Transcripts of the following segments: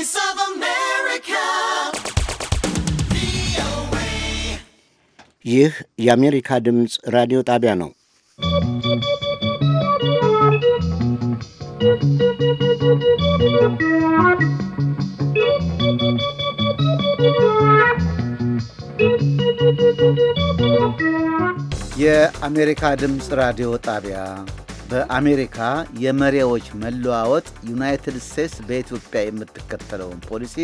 Voice of America. ይህ የአሜሪካ ድምፅ ራዲዮ ጣቢያ ነው። የአሜሪካ ድምፅ ራዲዮ ጣቢያ በአሜሪካ የመሪዎች መለዋወጥ ዩናይትድ ስቴትስ በኢትዮጵያ የምትከተለውን ፖሊሲ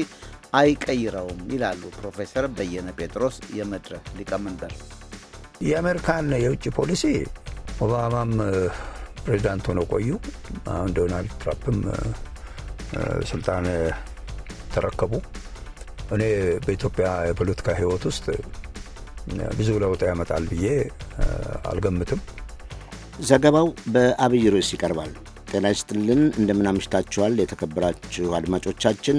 አይቀይረውም ይላሉ ፕሮፌሰር በየነ ጴጥሮስ የመድረክ ሊቀመንበር። የአሜሪካን የውጭ ፖሊሲ ኦባማም ፕሬዚዳንት ሆነው ቆዩ። አሁን ዶናልድ ትራምፕም ስልጣን ተረከቡ። እኔ በኢትዮጵያ የፖለቲካ ሕይወት ውስጥ ብዙ ለውጥ ያመጣል ብዬ አልገምትም። ዘገባው በአብይ ርዕስ ይቀርባል። ጤና ይስጥልን፣ እንደምናምሽታችኋል የተከበራችሁ አድማጮቻችን።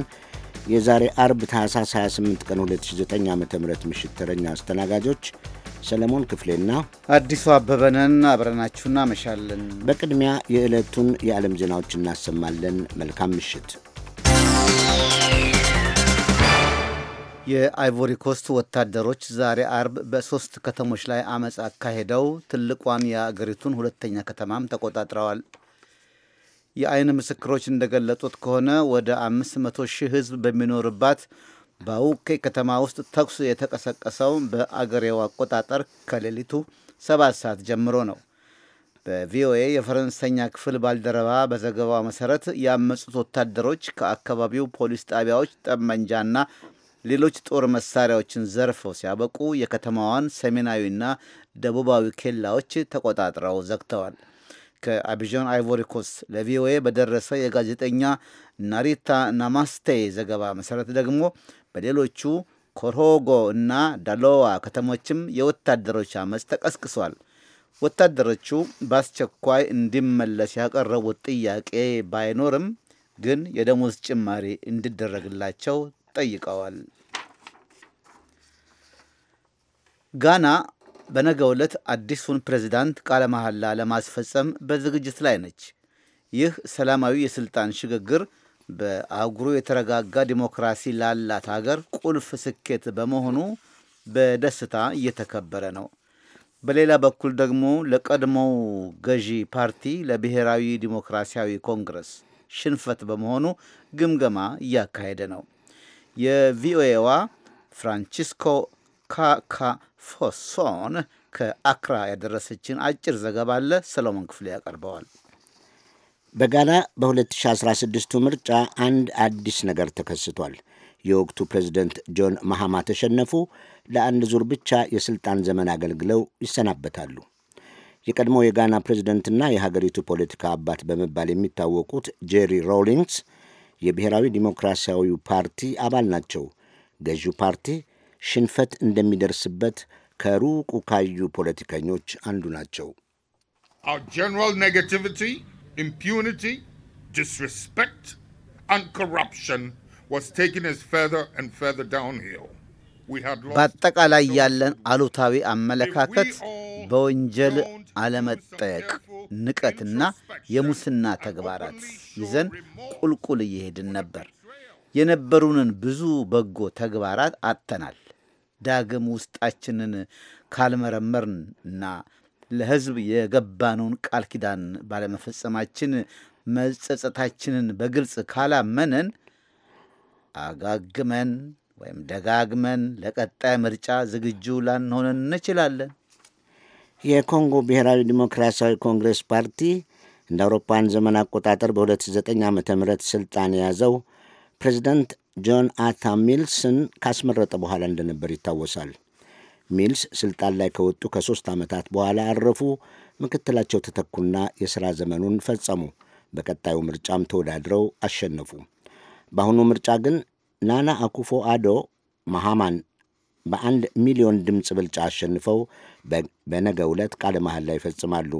የዛሬ አርብ ታህሳስ 28 ቀን 2009 ዓ ም ምሽት ተረኛ አስተናጋጆች ሰለሞን ክፍሌና አዲሱ አበበንን አብረናችሁ እናመሻለን። በቅድሚያ የዕለቱን የዓለም ዜናዎች እናሰማለን። መልካም ምሽት። የአይቮሪ ኮስት ወታደሮች ዛሬ አርብ በሶስት ከተሞች ላይ አመፅ አካሄደው ትልቋን የአገሪቱን ሁለተኛ ከተማም ተቆጣጥረዋል። የአይን ምስክሮች እንደገለጡት ከሆነ ወደ 500 ሺህ ሕዝብ በሚኖርባት በአውኬ ከተማ ውስጥ ተኩስ የተቀሰቀሰው በአገሬው አቆጣጠር ከሌሊቱ ሰባት ሰዓት ጀምሮ ነው። በቪኦኤ የፈረንሰኛ ክፍል ባልደረባ በዘገባው መሰረት ያመፁት ወታደሮች ከአካባቢው ፖሊስ ጣቢያዎች ጠመንጃና ሌሎች ጦር መሳሪያዎችን ዘርፈው ሲያበቁ የከተማዋን ሰሜናዊና ደቡባዊ ኬላዎች ተቆጣጥረው ዘግተዋል። ከአቢዣን አይቮሪኮስ ለቪኦኤ በደረሰ የጋዜጠኛ ናሪታ ናማስቴ ዘገባ መሰረት ደግሞ በሌሎቹ ኮርሆጎ እና ዳሎዋ ከተሞችም የወታደሮች አመፅ ተቀስቅሷል። ወታደሮቹ በአስቸኳይ እንዲመለስ ያቀረቡት ጥያቄ ባይኖርም ግን የደሞዝ ጭማሪ እንዲደረግላቸው ጠይቀዋል። ጋና በነገ ዕለት አዲሱን ፕሬዚዳንት ቃለ መሐላ ለማስፈጸም በዝግጅት ላይ ነች። ይህ ሰላማዊ የሥልጣን ሽግግር በአህጉሩ የተረጋጋ ዲሞክራሲ ላላት ሀገር ቁልፍ ስኬት በመሆኑ በደስታ እየተከበረ ነው። በሌላ በኩል ደግሞ ለቀድሞው ገዢ ፓርቲ ለብሔራዊ ዲሞክራሲያዊ ኮንግረስ ሽንፈት በመሆኑ ግምገማ እያካሄደ ነው። የቪኦኤዋ ፍራንቺስኮ ፎሶን ከአክራ ያደረሰችን አጭር ዘገባ አለ። ሰሎሞን ክፍሌ ያቀርበዋል። በጋና በ2016ቱ ምርጫ አንድ አዲስ ነገር ተከስቷል። የወቅቱ ፕሬዚደንት ጆን መሃማ ተሸነፉ። ለአንድ ዙር ብቻ የሥልጣን ዘመን አገልግለው ይሰናበታሉ። የቀድሞው የጋና ፕሬዚደንትና የሀገሪቱ ፖለቲካ አባት በመባል የሚታወቁት ጄሪ ሮሊንግስ የብሔራዊ ዲሞክራሲያዊው ፓርቲ አባል ናቸው። ገዢው ፓርቲ ሽንፈት እንደሚደርስበት ከሩቁ ካዩ ፖለቲከኞች አንዱ ናቸው። በአጠቃላይ ያለን አሉታዊ አመለካከት በወንጀል አለመጠየቅ፣ ንቀትና የሙስና ተግባራት ይዘን ቁልቁል እየሄድን ነበር። የነበሩንን ብዙ በጎ ተግባራት አጥተናል። ዳግም ውስጣችንን ካልመረመርን እና ለሕዝብ የገባነውን ቃል ኪዳን ባለመፈጸማችን መጸጸታችንን በግልጽ ካላመነን አጋግመን ወይም ደጋግመን ለቀጣይ ምርጫ ዝግጁ ላንሆን እንችላለን። የኮንጎ ብሔራዊ ዲሞክራሲያዊ ኮንግረስ ፓርቲ እንደ አውሮፓን ዘመን አቆጣጠር በ2009 ዓ ም ስልጣን የያዘው ፕሬዚደንት ጆን አታ ሚልስን ካስመረጠ በኋላ እንደነበር ይታወሳል። ሚልስ ስልጣን ላይ ከወጡ ከሦስት ዓመታት በኋላ አረፉ። ምክትላቸው ተተኩና የሥራ ዘመኑን ፈጸሙ። በቀጣዩ ምርጫም ተወዳድረው አሸነፉ። በአሁኑ ምርጫ ግን ናና አኩፎ አዶ መሃማን በአንድ ሚሊዮን ድምፅ ብልጫ አሸንፈው በነገ ዕለት ቃለ መሐላ ይፈጽማሉ።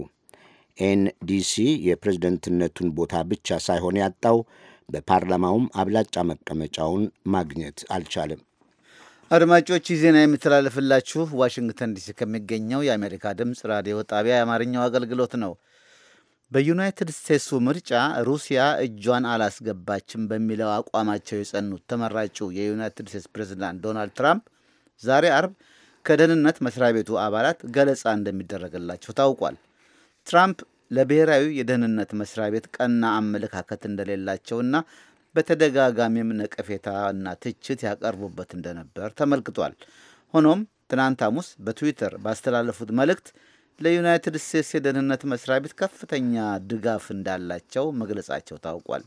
ኤንዲሲ የፕሬዝደንትነቱን ቦታ ብቻ ሳይሆን ያጣው በፓርላማውም አብላጫ መቀመጫውን ማግኘት አልቻለም። አድማጮች ይህ ዜና የሚተላለፍላችሁ ዋሽንግተን ዲሲ ከሚገኘው የአሜሪካ ድምፅ ራዲዮ ጣቢያ የአማርኛው አገልግሎት ነው። በዩናይትድ ስቴትሱ ምርጫ ሩሲያ እጇን አላስገባችም በሚለው አቋማቸው የጸኑት ተመራጩ የዩናይትድ ስቴትስ ፕሬዚዳንት ዶናልድ ትራምፕ ዛሬ አርብ ከደህንነት መስሪያ ቤቱ አባላት ገለጻ እንደሚደረግላቸው ታውቋል። ትራምፕ ለብሔራዊ የደህንነት መስሪያ ቤት ቀና አመለካከት እንደሌላቸውና በተደጋጋሚም ነቀፌታና ትችት ያቀርቡበት እንደነበር ተመልክቷል። ሆኖም ትናንት ሐሙስ በትዊተር ባስተላለፉት መልእክት ለዩናይትድ ስቴትስ የደህንነት መስሪያ ቤት ከፍተኛ ድጋፍ እንዳላቸው መግለጻቸው ታውቋል።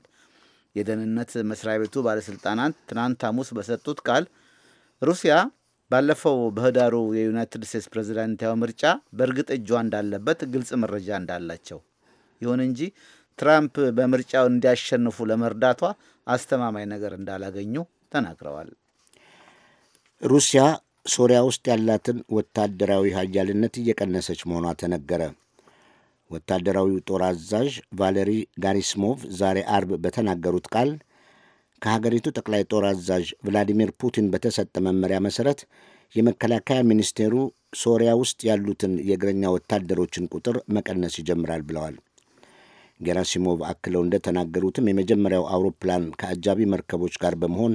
የደህንነት መስሪያ ቤቱ ባለሥልጣናት ትናንት ሐሙስ በሰጡት ቃል ሩሲያ ባለፈው በህዳሩ የዩናይትድ ስቴትስ ፕሬዚዳንታዊ ምርጫ በእርግጥ እጇ እንዳለበት ግልጽ መረጃ እንዳላቸው፣ ይሁን እንጂ ትራምፕ በምርጫው እንዲያሸንፉ ለመርዳቷ አስተማማኝ ነገር እንዳላገኙ ተናግረዋል። ሩሲያ ሶሪያ ውስጥ ያላትን ወታደራዊ ኃያልነት እየቀነሰች መሆኗ ተነገረ። ወታደራዊው ጦር አዛዥ ቫሌሪ ጋሪስሞቭ ዛሬ አርብ በተናገሩት ቃል ከሀገሪቱ ጠቅላይ ጦር አዛዥ ቭላዲሚር ፑቲን በተሰጠ መመሪያ መሰረት የመከላከያ ሚኒስቴሩ ሶሪያ ውስጥ ያሉትን የእግረኛ ወታደሮችን ቁጥር መቀነስ ይጀምራል ብለዋል። ጌራሲሞቭ አክለው እንደተናገሩትም የመጀመሪያው አውሮፕላን ከአጃቢ መርከቦች ጋር በመሆን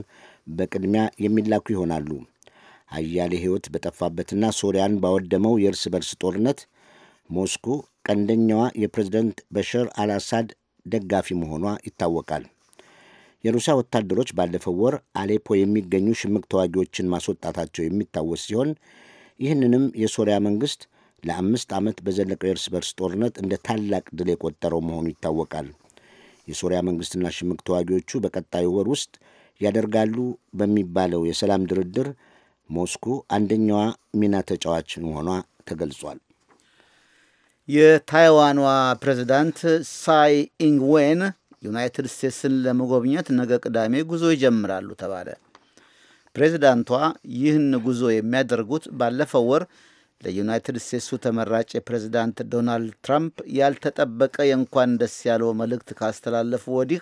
በቅድሚያ የሚላኩ ይሆናሉ። አያሌ ሕይወት በጠፋበትና ሶሪያን ባወደመው የእርስ በርስ ጦርነት ሞስኮ ቀንደኛዋ የፕሬዝደንት በሽር አልአሳድ ደጋፊ መሆኗ ይታወቃል። የሩሲያ ወታደሮች ባለፈው ወር አሌፖ የሚገኙ ሽምቅ ተዋጊዎችን ማስወጣታቸው የሚታወስ ሲሆን ይህንንም የሶሪያ መንግሥት ለአምስት ዓመት በዘለቀው የእርስ በርስ ጦርነት እንደ ታላቅ ድል የቆጠረው መሆኑ ይታወቃል። የሶሪያ መንግሥትና ሽምቅ ተዋጊዎቹ በቀጣዩ ወር ውስጥ ያደርጋሉ በሚባለው የሰላም ድርድር ሞስኩ አንደኛዋ ሚና ተጫዋች መሆኗ ተገልጿል። የታይዋኗ ፕሬዚዳንት ሳይ ኢንግዌን ዩናይትድ ስቴትስን ለመጎብኘት ነገ ቅዳሜ ጉዞ ይጀምራሉ ተባለ። ፕሬዚዳንቷ ይህን ጉዞ የሚያደርጉት ባለፈው ወር ለዩናይትድ ስቴትሱ ተመራጭ የፕሬዚዳንት ዶናልድ ትራምፕ ያልተጠበቀ የእንኳን ደስ ያለው መልእክት ካስተላለፉ ወዲህ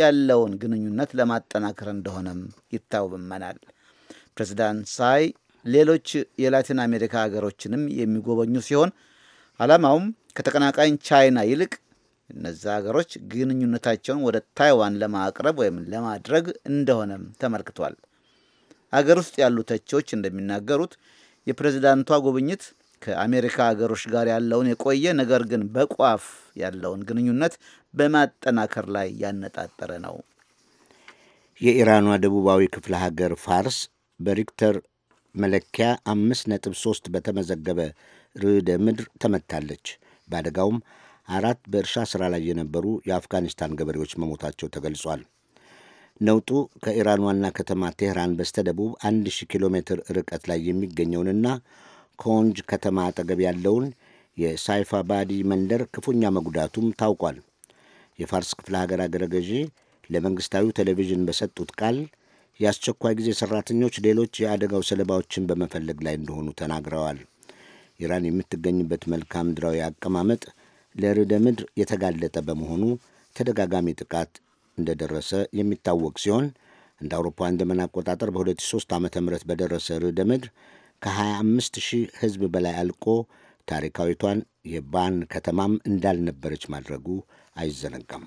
ያለውን ግንኙነት ለማጠናከር እንደሆነም ይታመናል። ፕሬዚዳንት ሳይ ሌሎች የላቲን አሜሪካ ሀገሮችንም የሚጎበኙ ሲሆን ዓላማውም ከተቀናቃኝ ቻይና ይልቅ እነዛ ሀገሮች ግንኙነታቸውን ወደ ታይዋን ለማቅረብ ወይም ለማድረግ እንደሆነም ተመልክቷል። አገር ውስጥ ያሉ ተቺዎች እንደሚናገሩት የፕሬዚዳንቷ ጉብኝት ከአሜሪካ ሀገሮች ጋር ያለውን የቆየ ነገር ግን በቋፍ ያለውን ግንኙነት በማጠናከር ላይ ያነጣጠረ ነው። የኢራኗ ደቡባዊ ክፍለ ሀገር ፋርስ በሪክተር መለኪያ አምስት ነጥብ ሶስት በተመዘገበ ርዕደ ምድር ተመታለች። በአደጋውም አራት በእርሻ ሥራ ላይ የነበሩ የአፍጋኒስታን ገበሬዎች መሞታቸው ተገልጿል። ነውጡ ከኢራን ዋና ከተማ ቴህራን በስተደቡብ 1000 ኪሎ ሜትር ርቀት ላይ የሚገኘውንና ከወንጅ ከተማ አጠገብ ያለውን የሳይፋ ባዲ መንደር ክፉኛ መጉዳቱም ታውቋል። የፋርስ ክፍለ ሀገር አገረ ገዢ ለመንግሥታዊው ቴሌቪዥን በሰጡት ቃል የአስቸኳይ ጊዜ ሠራተኞች ሌሎች የአደጋው ሰለባዎችን በመፈለግ ላይ እንደሆኑ ተናግረዋል። ኢራን የምትገኝበት መልክዓ ምድራዊ አቀማመጥ ለርዕደ ምድር የተጋለጠ በመሆኑ ተደጋጋሚ ጥቃት እንደደረሰ የሚታወቅ ሲሆን እንደ አውሮፓውያን ዘመን አቆጣጠር በ2003 ዓ ም በደረሰ ርዕደ ምድር ከ25 ህዝብ ሕዝብ በላይ አልቆ ታሪካዊቷን የባን ከተማም እንዳልነበረች ማድረጉ አይዘነጋም።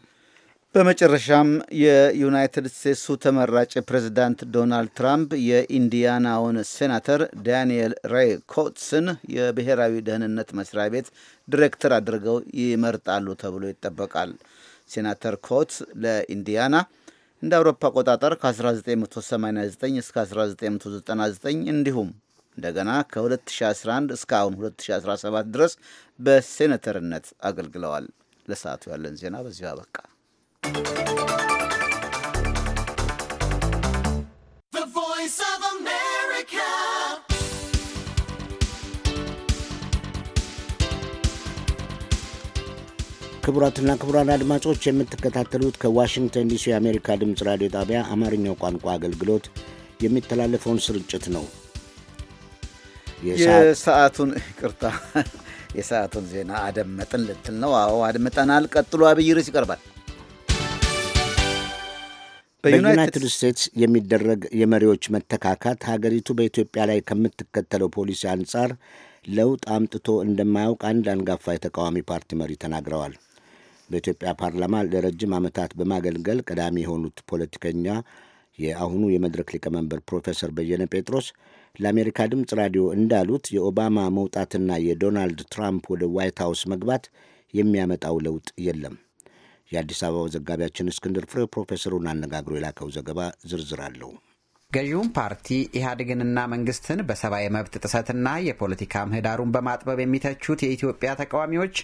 በመጨረሻም የዩናይትድ ስቴትሱ ተመራጭ ፕሬዚዳንት ዶናልድ ትራምፕ የኢንዲያናውን ሴናተር ዳንኤል ሬይ ኮትስን የብሔራዊ ደህንነት መስሪያ ቤት ዲሬክተር አድርገው ይመርጣሉ ተብሎ ይጠበቃል። ሴናተር ኮትስ ለኢንዲያና እንደ አውሮፓ አቆጣጠር ከ1989 እስከ 1999 እንዲሁም እንደገና ከ2011 እስከ አሁን 2017 ድረስ በሴኔተርነት አገልግለዋል። ለሰዓቱ ያለን ዜና በዚሁ አበቃ። ክቡራትና ክቡራን አድማጮች የምትከታተሉት ከዋሽንግተን ዲሲ የአሜሪካ ድምፅ ራዲዮ ጣቢያ አማርኛው ቋንቋ አገልግሎት የሚተላለፈውን ስርጭት ነው። የሰዓቱን ቅርታ የሰዓቱን ዜና አደመጥን ልትል ነው? አዎ አድምጠናል። ቀጥሎ አብይ ርዕስ ይቀርባል። በዩናይትድ ስቴትስ የሚደረግ የመሪዎች መተካካት ሀገሪቱ በኢትዮጵያ ላይ ከምትከተለው ፖሊሲ አንጻር ለውጥ አምጥቶ እንደማያውቅ አንድ አንጋፋ የተቃዋሚ ፓርቲ መሪ ተናግረዋል። በኢትዮጵያ ፓርላማ ለረጅም ዓመታት በማገልገል ቀዳሚ የሆኑት ፖለቲከኛ የአሁኑ የመድረክ ሊቀመንበር ፕሮፌሰር በየነ ጴጥሮስ ለአሜሪካ ድምፅ ራዲዮ እንዳሉት የኦባማ መውጣትና የዶናልድ ትራምፕ ወደ ዋይት ሀውስ መግባት የሚያመጣው ለውጥ የለም። የአዲስ አበባው ዘጋቢያችን እስክንድር ፍሬ ፕሮፌሰሩን አነጋግሮ የላከው ዘገባ ዝርዝር አለው። ገዢውን ፓርቲ ኢህአዴግንና መንግስትን በሰብአዊ መብት ጥሰትና የፖለቲካ ምህዳሩን በማጥበብ የሚተቹት የኢትዮጵያ ተቃዋሚዎች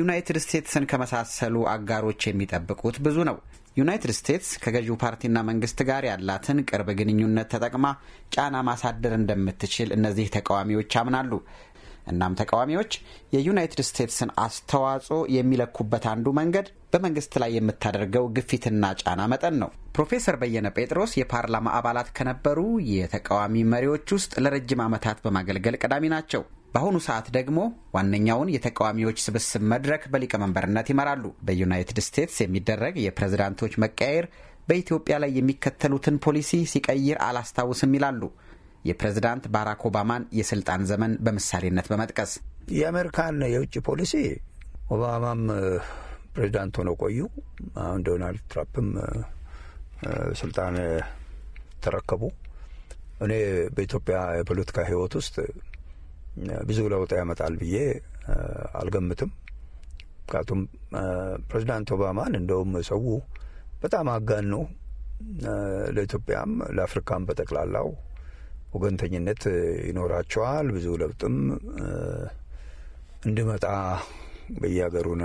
ዩናይትድ ስቴትስን ከመሳሰሉ አጋሮች የሚጠብቁት ብዙ ነው። ዩናይትድ ስቴትስ ከገዢው ፓርቲና መንግስት ጋር ያላትን ቅርብ ግንኙነት ተጠቅማ ጫና ማሳደር እንደምትችል እነዚህ ተቃዋሚዎች ያምናሉ። እናም ተቃዋሚዎች የዩናይትድ ስቴትስን አስተዋጽኦ የሚለኩበት አንዱ መንገድ በመንግስት ላይ የምታደርገው ግፊትና ጫና መጠን ነው። ፕሮፌሰር በየነ ጴጥሮስ የፓርላማ አባላት ከነበሩ የተቃዋሚ መሪዎች ውስጥ ለረጅም ዓመታት በማገልገል ቀዳሚ ናቸው። በአሁኑ ሰዓት ደግሞ ዋነኛውን የተቃዋሚዎች ስብስብ መድረክ በሊቀመንበርነት ይመራሉ። በዩናይትድ ስቴትስ የሚደረግ የፕሬዝዳንቶች መቀያየር በኢትዮጵያ ላይ የሚከተሉትን ፖሊሲ ሲቀይር አላስታውስም ይላሉ። የፕሬዝዳንት ባራክ ኦባማን የስልጣን ዘመን በምሳሌነት በመጥቀስ የአሜሪካን የውጭ ፖሊሲ ኦባማም ፕሬዚዳንት ሆነው ቆዩ። አሁን ዶናልድ ትራምፕም ስልጣን ተረከቡ። እኔ በኢትዮጵያ የፖለቲካ ሕይወት ውስጥ ብዙ ለውጥ ያመጣል ብዬ አልገምትም። ምክንያቱም ፕሬዚዳንት ኦባማን እንደውም ሰው በጣም አጋን ነው፣ ለኢትዮጵያም ለአፍሪካም በጠቅላላው ወገንተኝነት ይኖራቸዋል። ብዙ ለውጥም እንዲመጣ በየሀገሩን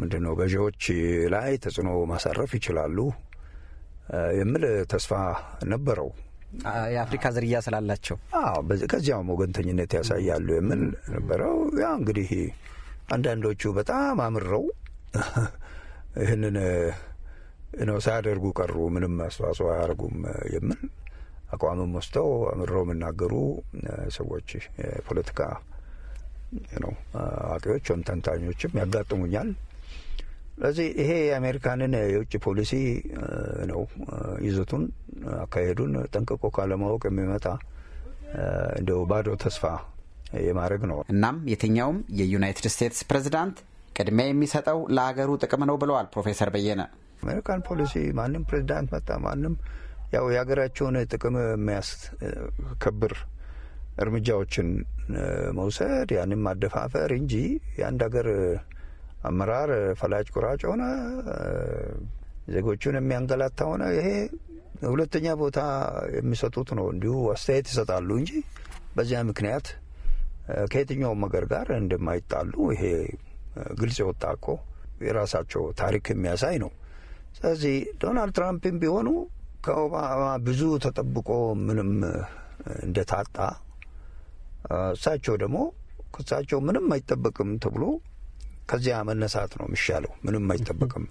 ምንድን ነው ገዢዎች ላይ ተጽዕኖ ማሳረፍ ይችላሉ የሚል ተስፋ ነበረው። የአፍሪካ ዝርያ ስላላቸው ከዚያም ወገንተኝነት ያሳያሉ የሚል ነበረው። ያ እንግዲህ አንዳንዶቹ በጣም አምረው ይህንን ነው ሳያደርጉ ቀሩ፣ ምንም አስተዋጽኦ አያደርጉም የሚል አቋምም ወስደው አምርረው የሚናገሩ ሰዎች የፖለቲካ ነው አዋቂዎች ወይም ተንታኞችም ያጋጥሙኛል። ስለዚህ ይሄ የአሜሪካንን የውጭ ፖሊሲ ነው ይዘቱን፣ አካሄዱን ጠንቅቆ ካለማወቅ የሚመጣ እንደው ባዶ ተስፋ የማድረግ ነው። እናም የትኛውም የዩናይትድ ስቴትስ ፕሬዚዳንት ቅድሚያ የሚሰጠው ለሀገሩ ጥቅም ነው ብለዋል ፕሮፌሰር በየነ። አሜሪካን ፖሊሲ ማንም ፕሬዚዳንት መጣ ማንም ያው የሀገራቸውን ጥቅም የሚያስከብር እርምጃዎችን መውሰድ ያንም ማደፋፈር እንጂ የአንድ ሀገር አመራር ፈላጭ ቁራጭ ሆነ ዜጎቹን የሚያንገላታ ሆነ ይሄ ሁለተኛ ቦታ የሚሰጡት ነው። እንዲሁ አስተያየት ይሰጣሉ እንጂ በዚያ ምክንያት ከየትኛውም ሀገር ጋር እንደማይጣሉ ይሄ ግልጽ የወጣ እኮ የራሳቸው ታሪክ የሚያሳይ ነው። ስለዚህ ዶናልድ ትራምፕም ቢሆኑ ከኦባማ ብዙ ተጠብቆ ምንም እንደታጣ እሳቸው ደግሞ ከእሳቸው ምንም አይጠበቅም ተብሎ ከዚያ መነሳት ነው የሚሻለው። ምንም አይጠበቅም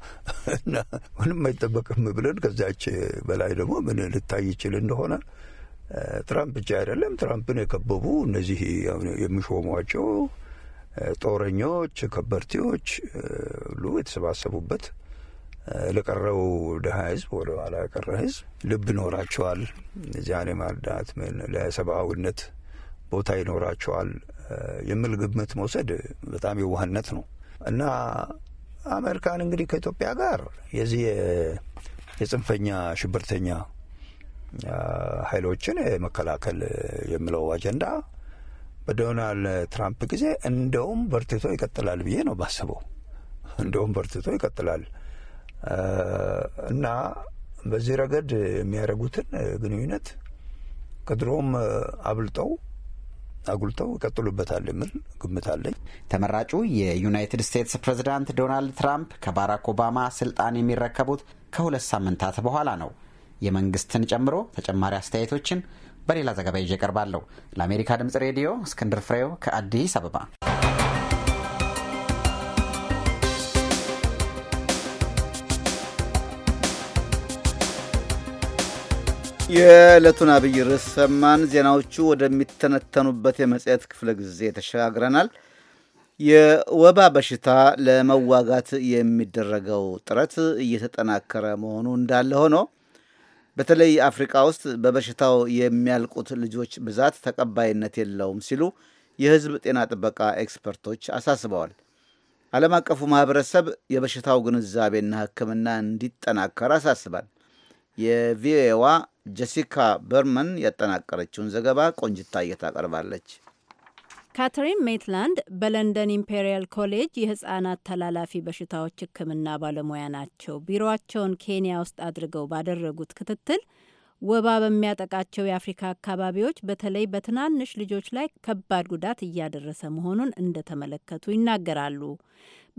ምንም አይጠበቅም ብለን ከዚያች በላይ ደግሞ ምን ልታይ ይችል እንደሆነ ትራምፕ ብቻ አይደለም፣ ትራምፕን የከበቡ እነዚህ የሚሾሟቸው ጦረኞች፣ ከበርቴዎች ሁሉ የተሰባሰቡበት ለቀረው ድሀ ህዝብ ወደ ኋላ ቀረ ህዝብ ልብ ይኖራቸዋል። ዛኔ ማርዳት ምን ለሰብአዊነት ቦታ ይኖራቸዋል የሚል ግምት መውሰድ በጣም የዋህነት ነው እና አሜሪካን እንግዲህ ከኢትዮጵያ ጋር የዚህ የጽንፈኛ ሽብርተኛ ኃይሎችን መከላከል የሚለው አጀንዳ በዶናልድ ትራምፕ ጊዜ እንደውም በርትቶ ይቀጥላል ብዬ ነው ባስበው። እንደውም በርትቶ ይቀጥላል። እና በዚህ ረገድ የሚያደርጉትን ግንኙነት ከድሮም አብልጠው አጉልተው ይቀጥሉበታል የሚል ግምት አለኝ። ተመራጩ የዩናይትድ ስቴትስ ፕሬዝዳንት ዶናልድ ትራምፕ ከባራክ ኦባማ ስልጣን የሚረከቡት ከሁለት ሳምንታት በኋላ ነው። የመንግስትን ጨምሮ ተጨማሪ አስተያየቶችን በሌላ ዘገባ ይዤ ቀርባለሁ። ለአሜሪካ ድምጽ ሬዲዮ እስክንድር ፍሬው ከአዲስ አበባ የዕለቱን አብይ ርዕስ ሰማን። ዜናዎቹ ወደሚተነተኑበት የመጽሔት ክፍለ ጊዜ ተሸጋግረናል። የወባ በሽታ ለመዋጋት የሚደረገው ጥረት እየተጠናከረ መሆኑ እንዳለ ሆኖ በተለይ አፍሪቃ ውስጥ በበሽታው የሚያልቁት ልጆች ብዛት ተቀባይነት የለውም ሲሉ የሕዝብ ጤና ጥበቃ ኤክስፐርቶች አሳስበዋል። ዓለም አቀፉ ማህበረሰብ የበሽታው ግንዛቤና ሕክምና እንዲጠናከር አሳስባል። የቪኦኤዋ ጀሲካ በርመን ያጠናቀረችውን ዘገባ ቆንጅታ ታቀርባለች። ካትሪን ሜትላንድ በለንደን ኢምፔሪያል ኮሌጅ የህጻናት ተላላፊ በሽታዎች ሕክምና ባለሙያ ናቸው። ቢሮአቸውን ኬንያ ውስጥ አድርገው ባደረጉት ክትትል ወባ በሚያጠቃቸው የአፍሪካ አካባቢዎች በተለይ በትናንሽ ልጆች ላይ ከባድ ጉዳት እያደረሰ መሆኑን እንደተመለከቱ ይናገራሉ።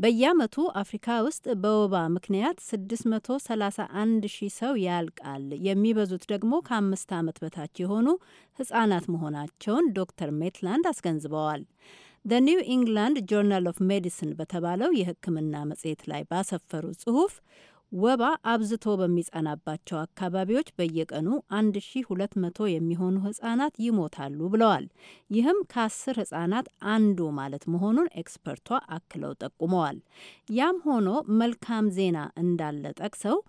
በየዓመቱ አፍሪካ ውስጥ በወባ ምክንያት 631 ሺህ ሰው ያልቃል። የሚበዙት ደግሞ ከአምስት ዓመት በታች የሆኑ ሕጻናት መሆናቸውን ዶክተር ሜትላንድ አስገንዝበዋል። ዘ ኒው ኢንግላንድ ጆርናል ኦፍ ሜዲሲን በተባለው የሕክምና መጽሔት ላይ ባሰፈሩ ጽሑፍ ወባ አብዝቶ በሚጸናባቸው አካባቢዎች በየቀኑ 1200 የሚሆኑ ህጻናት ይሞታሉ ብለዋል። ይህም ከአስር ህጻናት አንዱ ማለት መሆኑን ኤክስፐርቷ አክለው ጠቁመዋል። ያም ሆኖ መልካም ዜና እንዳለ ጠቅሰው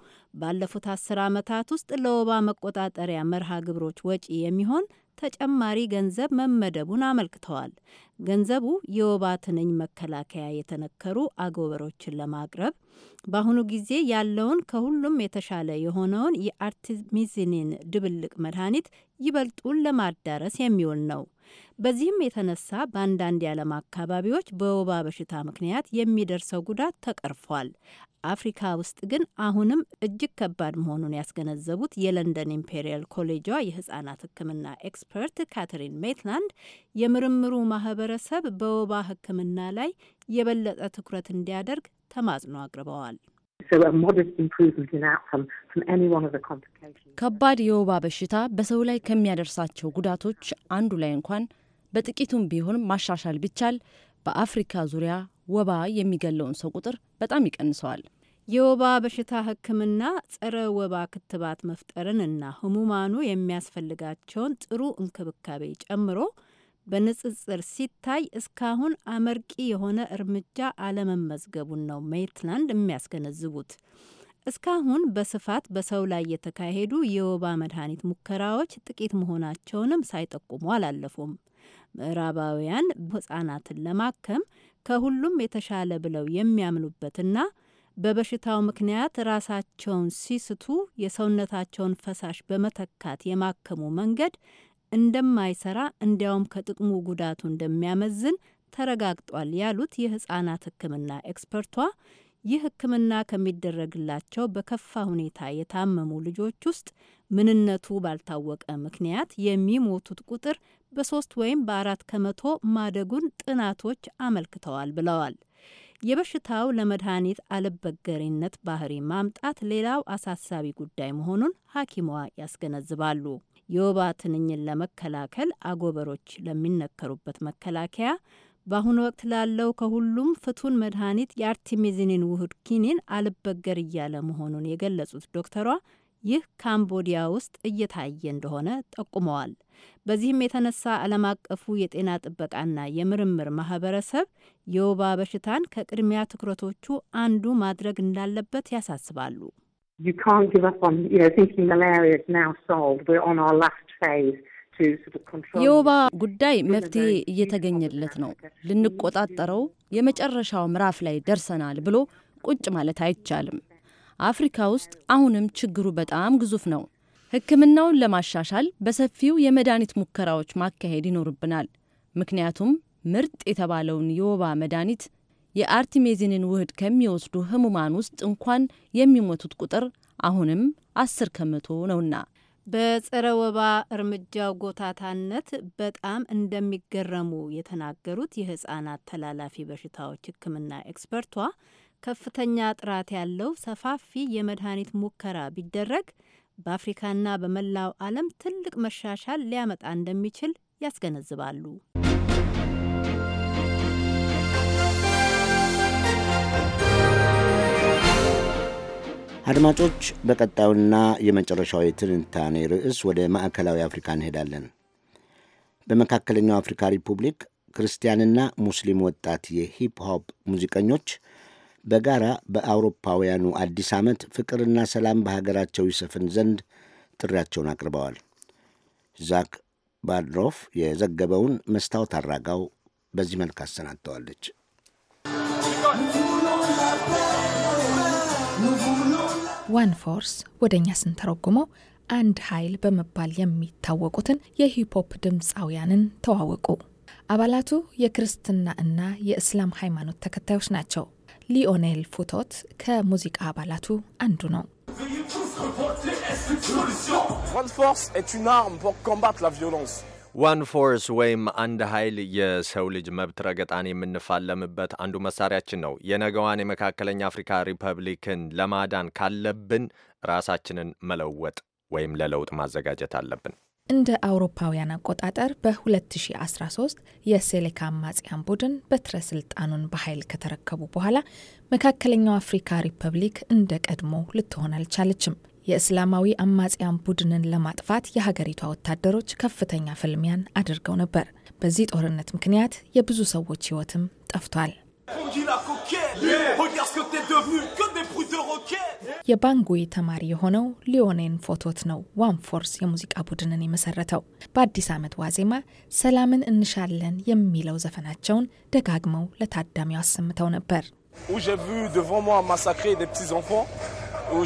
ባለፉት አስር ዓመታት ውስጥ ለወባ መቆጣጠሪያ መርሃ ግብሮች ወጪ የሚሆን ተጨማሪ ገንዘብ መመደቡን አመልክተዋል። ገንዘቡ የወባ ትንኝ መከላከያ የተነከሩ አጎበሮችን ለማቅረብ በአሁኑ ጊዜ ያለውን ከሁሉም የተሻለ የሆነውን የአርቴሚዚኒን ድብልቅ መድኃኒት ይበልጡን ለማዳረስ የሚውል ነው። በዚህም የተነሳ በአንዳንድ የዓለም አካባቢዎች በወባ በሽታ ምክንያት የሚደርሰው ጉዳት ተቀርፏል። አፍሪካ ውስጥ ግን አሁንም እጅግ ከባድ መሆኑን ያስገነዘቡት የለንደን ኢምፔሪያል ኮሌጇ የህጻናት ሕክምና ኤክስፐርት ካተሪን ሜትላንድ የምርምሩ ማህበረሰብ በወባ ሕክምና ላይ የበለጠ ትኩረት እንዲያደርግ ተማጽኖ አቅርበዋል። ከባድ የወባ በሽታ በሰው ላይ ከሚያደርሳቸው ጉዳቶች አንዱ ላይ እንኳን በጥቂቱም ቢሆን ማሻሻል ቢቻል በአፍሪካ ዙሪያ ወባ የሚገለውን ሰው ቁጥር በጣም ይቀንሰዋል። የወባ በሽታ ሕክምና ጸረ ወባ ክትባት መፍጠርን እና ህሙማኑ የሚያስፈልጋቸውን ጥሩ እንክብካቤ ጨምሮ በንጽጽር ሲታይ እስካሁን አመርቂ የሆነ እርምጃ አለመመዝገቡን ነው ሜትላንድ የሚያስገነዝቡት። እስካሁን በስፋት በሰው ላይ የተካሄዱ የወባ መድኃኒት ሙከራዎች ጥቂት መሆናቸውንም ሳይጠቁሙ አላለፉም። ምዕራባውያን ህጻናትን ለማከም ከሁሉም የተሻለ ብለው የሚያምኑበትና በበሽታው ምክንያት ራሳቸውን ሲስቱ የሰውነታቸውን ፈሳሽ በመተካት የማከሙ መንገድ እንደማይሰራ እንዲያውም ከጥቅሙ ጉዳቱ እንደሚያመዝን ተረጋግጧል ያሉት የህጻናት ህክምና ኤክስፐርቷ ይህ ህክምና ከሚደረግላቸው በከፋ ሁኔታ የታመሙ ልጆች ውስጥ ምንነቱ ባልታወቀ ምክንያት የሚሞቱት ቁጥር በሶስት ወይም በአራት ከመቶ ማደጉን ጥናቶች አመልክተዋል ብለዋል። የበሽታው ለመድኃኒት አልበገሪነት ባህሪ ማምጣት ሌላው አሳሳቢ ጉዳይ መሆኑን ሐኪሟ ያስገነዝባሉ። የወባ ትንኝን ለመከላከል አጎበሮች ለሚነከሩበት መከላከያ በአሁኑ ወቅት ላለው ከሁሉም ፍቱን መድኃኒት የአርቲሚዚኒን ውህድ ኪኒን አልበገር እያለ መሆኑን የገለጹት ዶክተሯ ይህ ካምቦዲያ ውስጥ እየታየ እንደሆነ ጠቁመዋል። በዚህም የተነሳ ዓለም አቀፉ የጤና ጥበቃና የምርምር ማህበረሰብ የወባ በሽታን ከቅድሚያ ትኩረቶቹ አንዱ ማድረግ እንዳለበት ያሳስባሉ። የወባ ጉዳይ መፍትሄ እየተገኘለት ነው፣ ልንቆጣጠረው የመጨረሻው ምዕራፍ ላይ ደርሰናል ብሎ ቁጭ ማለት አይቻልም። አፍሪካ ውስጥ አሁንም ችግሩ በጣም ግዙፍ ነው። ሕክምናውን ለማሻሻል በሰፊው የመድኃኒት ሙከራዎች ማካሄድ ይኖርብናል። ምክንያቱም ምርጥ የተባለውን የወባ መድኃኒት የአርቲሜዚንን ውህድ ከሚወስዱ ህሙማን ውስጥ እንኳን የሚሞቱት ቁጥር አሁንም አስር ከመቶ ነውና በጸረ ወባ እርምጃው ጎታታነት በጣም እንደሚገረሙ የተናገሩት የህጻናት ተላላፊ በሽታዎች ህክምና ኤክስፐርቷ ከፍተኛ ጥራት ያለው ሰፋፊ የመድኃኒት ሙከራ ቢደረግ በአፍሪካና በመላው ዓለም ትልቅ መሻሻል ሊያመጣ እንደሚችል ያስገነዝባሉ። አድማጮች፣ በቀጣዩና የመጨረሻው የትንታኔ ርዕስ ወደ ማዕከላዊ አፍሪካ እንሄዳለን። በመካከለኛው አፍሪካ ሪፑብሊክ ክርስቲያንና ሙስሊም ወጣት የሂፕ ሆፕ ሙዚቀኞች በጋራ በአውሮፓውያኑ አዲስ ዓመት ፍቅርና ሰላም በሀገራቸው ይሰፍን ዘንድ ጥሪያቸውን አቅርበዋል። ዛክ ባድሮፍ የዘገበውን መስታወት አራጋው በዚህ መልክ አሰናድተዋለች። ዋን ፎርስ ወደ እኛ ስንተረጉመው አንድ ኃይል በመባል የሚታወቁትን የሂፖፕ ድምፃውያንን ተዋወቁ። አባላቱ የክርስትና እና የእስላም ሃይማኖት ተከታዮች ናቸው። ሊኦኔል ፉቶት ከሙዚቃ አባላቱ አንዱ ነው። ዋን ፎርስ ወይም አንድ ኃይል የሰው ልጅ መብት ረገጣን የምንፋለምበት አንዱ መሳሪያችን ነው። የነገዋን የመካከለኛ አፍሪካ ሪፐብሊክን ለማዳን ካለብን ራሳችንን መለወጥ ወይም ለለውጥ ማዘጋጀት አለብን። እንደ አውሮፓውያን አቆጣጠር በ2013 የሴሌካ አማጽያን ቡድን በትረ ስልጣኑን በኃይል ከተረከቡ በኋላ መካከለኛው አፍሪካ ሪፐብሊክ እንደ ቀድሞ ልትሆን አልቻለችም። የእስላማዊ አማጽያን ቡድንን ለማጥፋት የሀገሪቷ ወታደሮች ከፍተኛ ፍልሚያን አድርገው ነበር። በዚህ ጦርነት ምክንያት የብዙ ሰዎች ሕይወትም ጠፍቷል። የባንጉዌ ተማሪ የሆነው ሊዮኔን ፎቶት ነው ዋን ፎርስ የሙዚቃ ቡድንን የመሰረተው። በአዲስ ዓመት ዋዜማ ሰላምን እንሻለን የሚለው ዘፈናቸውን ደጋግመው ለታዳሚው አሰምተው ነበር። Oh,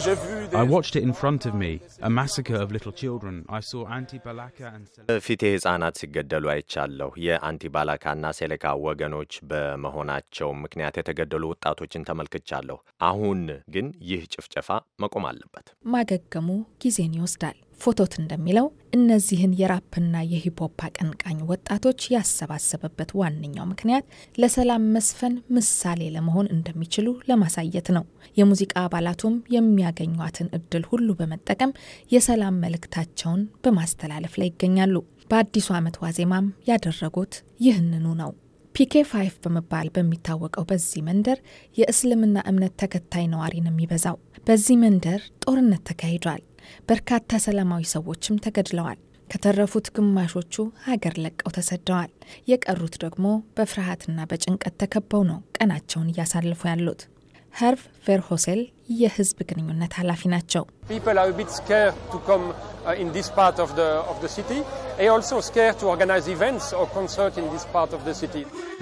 በፊቴ ሕፃናት ሲገደሉ አይቻለሁ። የአንቲ ባላካና ሴሌካ ወገኖች በመሆናቸው ምክንያት የተገደሉ ወጣቶችን ተመልክቻለሁ። አሁን ግን ይህ ጭፍጨፋ መቆም አለበት። ማገገሙ ጊዜን ይወስዳል። ፎቶት እንደሚለው እነዚህን የራፕና የሂፖፕ አቀንቃኝ ወጣቶች ያሰባሰበበት ዋነኛው ምክንያት ለሰላም መስፈን ምሳሌ ለመሆን እንደሚችሉ ለማሳየት ነው። የሙዚቃ አባላቱም የሚያገኟትን እድል ሁሉ በመጠቀም የሰላም መልእክታቸውን በማስተላለፍ ላይ ይገኛሉ። በአዲሱ ዓመት ዋዜማም ያደረጉት ይህንኑ ነው። ፒኬ ፋይፍ በመባል በሚታወቀው በዚህ መንደር የእስልምና እምነት ተከታይ ነዋሪ ነው የሚበዛው። በዚህ መንደር ጦርነት ተካሂዷል። በርካታ ሰላማዊ ሰዎችም ተገድለዋል። ከተረፉት ግማሾቹ ሀገር ለቀው ተሰደዋል። የቀሩት ደግሞ በፍርሃትና በጭንቀት ተከበው ነው ቀናቸውን እያሳለፉ ያሉት። ሀርቭ ቬርሆሴል የህዝብ ግንኙነት ኃላፊ ናቸው። uh,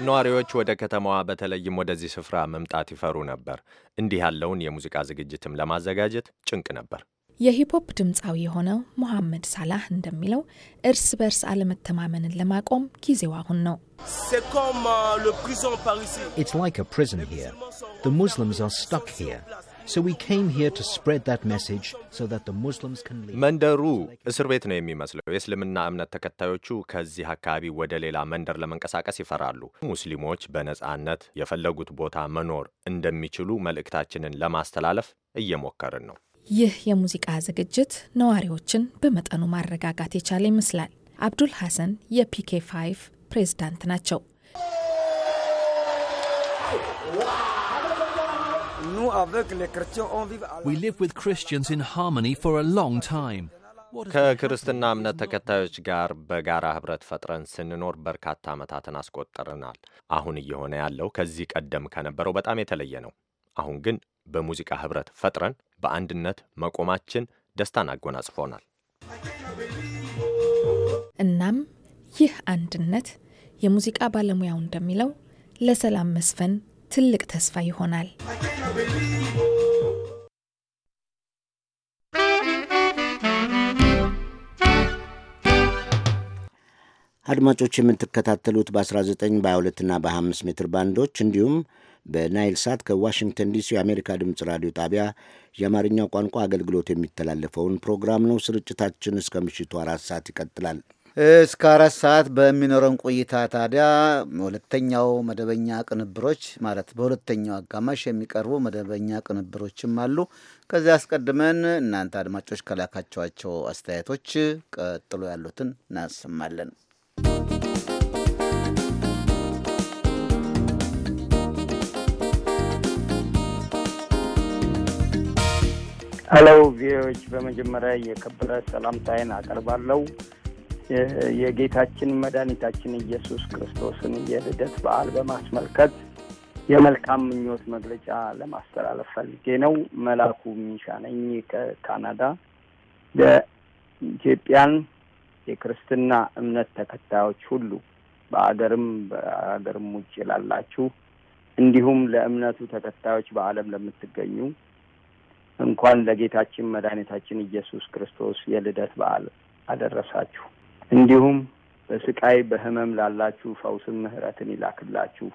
ነዋሪዎች ወደ ከተማዋ በተለይም ወደዚህ ስፍራ መምጣት ይፈሩ ነበር። እንዲህ ያለውን የሙዚቃ ዝግጅትም ለማዘጋጀት ጭንቅ ነበር። የሂፖፕ ድምፃዊ የሆነው ሙሐመድ ሳላህ እንደሚለው እርስ በርስ አለመተማመንን ለማቆም ጊዜው አሁን ነው። euh, መንደሩ እስር ቤት ነው የሚመስለው። የእስልምና እምነት ተከታዮቹ ከዚህ አካባቢ ወደ ሌላ መንደር ለመንቀሳቀስ ይፈራሉ። ሙስሊሞች በነጻነት የፈለጉት ቦታ መኖር እንደሚችሉ መልእክታችንን ለማስተላለፍ እየሞከርን ነው። ይህ የሙዚቃ ዝግጅት ነዋሪዎችን በመጠኑ ማረጋጋት የቻለ ይመስላል። አብዱል ሐሰን የፒኬ ፋይቭ ፕሬዝዳንት ናቸው። ከክርስትና እምነት ተከታዮች ጋር በጋራ ኅብረት ፈጥረን ስንኖር በርካታ ዓመታትን አስቆጠርናል። አሁን እየሆነ ያለው ከዚህ ቀደም ከነበረው በጣም የተለየ ነው። አሁን ግን በሙዚቃ ኅብረት ፈጥረን በአንድነት መቆማችን ደስታን አጎናጽፎናል። እናም ይህ አንድነት የሙዚቃ ባለሙያው እንደሚለው ለሰላም መስፈን ትልቅ ተስፋ ይሆናል። አድማጮች የምትከታተሉት በ19 በ22ና በ25 ሜትር ባንዶች እንዲሁም በናይል ሳት ከዋሽንግተን ዲሲ የአሜሪካ ድምፅ ራዲዮ ጣቢያ የአማርኛው ቋንቋ አገልግሎት የሚተላለፈውን ፕሮግራም ነው። ስርጭታችን እስከ ምሽቱ አራት ሰዓት ይቀጥላል። እስከ አራት ሰዓት በሚኖረን ቆይታ ታዲያ ሁለተኛው መደበኛ ቅንብሮች ማለት በሁለተኛው አጋማሽ የሚቀርቡ መደበኛ ቅንብሮችም አሉ። ከዚያ አስቀድመን እናንተ አድማጮች ከላካችኋቸው አስተያየቶች ቀጥሎ ያሉትን እናሰማለን። ሀሎ ቪዎች በመጀመሪያ የከበረ ሰላምታዬን አቀርባለሁ። የጌታችን መድኃኒታችን ኢየሱስ ክርስቶስን የልደት በዓል በማስመልከት የመልካም ምኞት መግለጫ ለማስተላለፍ ፈልጌ ነው። መላኩ ሚሻ ነኝ ከካናዳ። በኢትዮጵያን የክርስትና እምነት ተከታዮች ሁሉ በአገርም በአገርም ውጭ ላላችሁ እንዲሁም ለእምነቱ ተከታዮች በዓለም ለምትገኙ እንኳን ለጌታችን መድኃኒታችን ኢየሱስ ክርስቶስ የልደት በዓል አደረሳችሁ። እንዲሁም በስቃይ በህመም ላላችሁ ፈውስን ምህረትን ይላክላችሁ።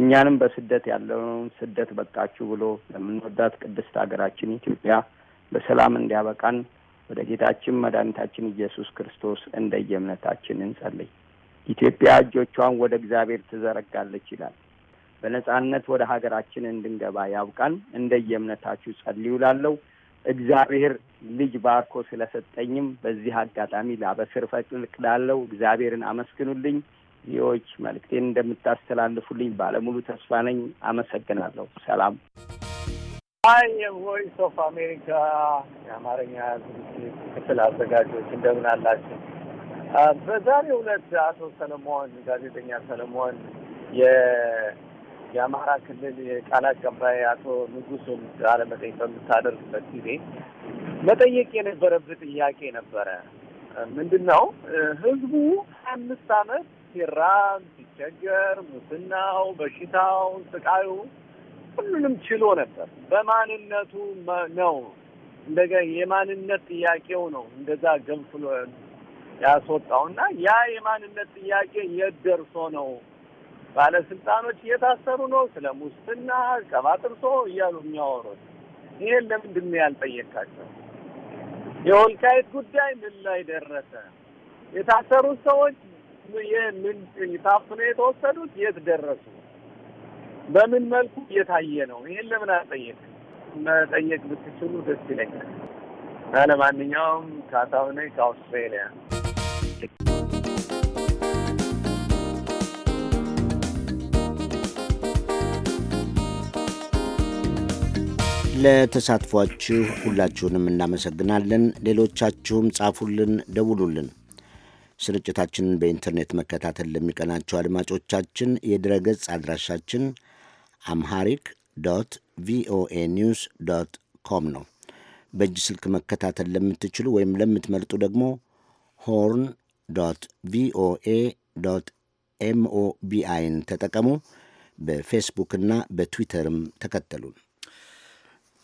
እኛንም በስደት ያለውን ስደት በቃችሁ ብሎ ለምንወዳት ቅድስት ሀገራችን ኢትዮጵያ በሰላም እንዲያበቃን ወደ ጌታችን መድኃኒታችን ኢየሱስ ክርስቶስ እንደየእምነታችን እንጸልይ። ኢትዮጵያ እጆቿን ወደ እግዚአብሔር ትዘረጋለች ይላል። በነጻነት ወደ ሀገራችን እንድንገባ ያብቃን። እንደየእምነታችሁ ጸልዩ ላለው እግዚአብሔር ልጅ ባርኮ ስለሰጠኝም በዚህ አጋጣሚ ላበስር ፈቅልቅ ላለው እግዚአብሔርን አመስግኑልኝ። ዎች መልእክቴን እንደምታስተላልፉልኝ ባለሙሉ ተስፋ ነኝ። አመሰግናለሁ። ሰላም። አይ የቮይስ ኦፍ አሜሪካ የአማርኛ ዝግጅት ክፍል አዘጋጆች እንደምን አላችሁ? በዛሬው ዕለት አቶ ሰለሞን ጋዜጠኛ ሰለሞን የአማራ ክልል የቃል አቀባይ አቶ ንጉሱን ቃለመጠይቅ በምታደርግበት ጊዜ መጠየቅ የነበረብህ ጥያቄ ነበረ። ምንድን ነው ህዝቡ አምስት አመት ሲራም ሲቸገር፣ ሙስናው፣ በሽታው፣ ስቃዩ ሁሉንም ችሎ ነበር። በማንነቱ ነው እንደገ የማንነት ጥያቄው ነው እንደዛ ገንፍሎ ያስወጣው እና ያ የማንነት ጥያቄ የት ደርሶ ነው ባለስልጣኖች እየታሰሩ ነው፣ ስለ ሙስና ቀባጥርሶ እያሉ የሚያወሩት ይሄን ለምንድን ነው ያልጠየካቸው? የወልቃይት ጉዳይ ምን ላይ ደረሰ? የታሰሩት ሰዎች ምን ታፍነው የተወሰዱት የት ደረሱ? በምን መልኩ እየታየ ነው? ይሄን ለምን አልጠየቅ? መጠየቅ ብትችሉ ደስ ይለኛል። ለማንኛውም ካሳሁን ከአውስትሬሊያ ለተሳትፏችሁ ሁላችሁንም እናመሰግናለን። ሌሎቻችሁም ጻፉልን፣ ደውሉልን። ስርጭታችንን በኢንተርኔት መከታተል ለሚቀናቸው አድማጮቻችን የድረገጽ አድራሻችን አምሃሪክ ዶት ቪኦኤ ኒውስ ዶት ኮም ነው። በእጅ ስልክ መከታተል ለምትችሉ ወይም ለምትመርጡ ደግሞ ሆርን ዶት ቪኦኤ ዶት ኤምኦቢአይን ተጠቀሙ። በፌስቡክና በትዊተርም ተከተሉን።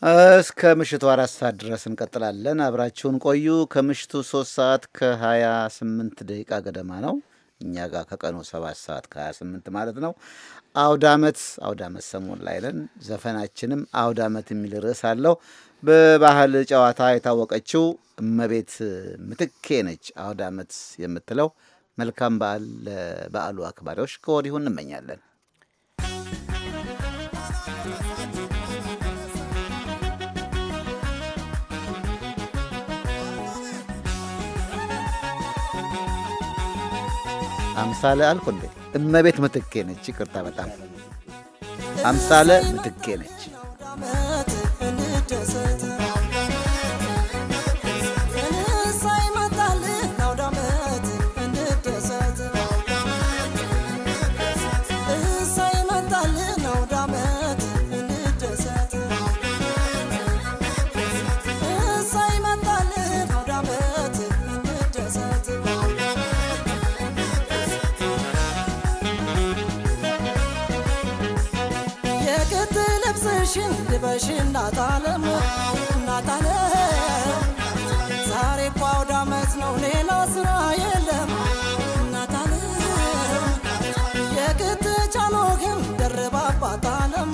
እስከ ምሽቱ አራት ሰዓት ድረስ እንቀጥላለን። አብራችሁን ቆዩ። ከምሽቱ ሶስት ሰዓት ከሀያ ስምንት ደቂቃ ገደማ ነው እኛ ጋር ከቀኑ ሰባት ሰዓት ከሀያ ስምንት ማለት ነው። አውደ ዓመት አውደ ዓመት ሰሞን ላይ ነን። ዘፈናችንም አውደ ዓመት የሚል ርዕስ አለው። በባህል ጨዋታ የታወቀችው እመቤት ምትኬ ነች አውደ ዓመት የምትለው። መልካም በዓል ለበዓሉ አክባሪዎች ከወዲሁ እንመኛለን። አምሳለ አልኩ እንዴ? እመቤት ምትኬ ነች። ይቅርታ በጣም አምሳለ ምትኬ ነች። እናጣለም እናጣለም ዛሬ እኮ አውደ ዓመት ነው፣ ሌላ ስራ የለም። እናጣለም የቅትቻኖ ግን ደርባ አባታለም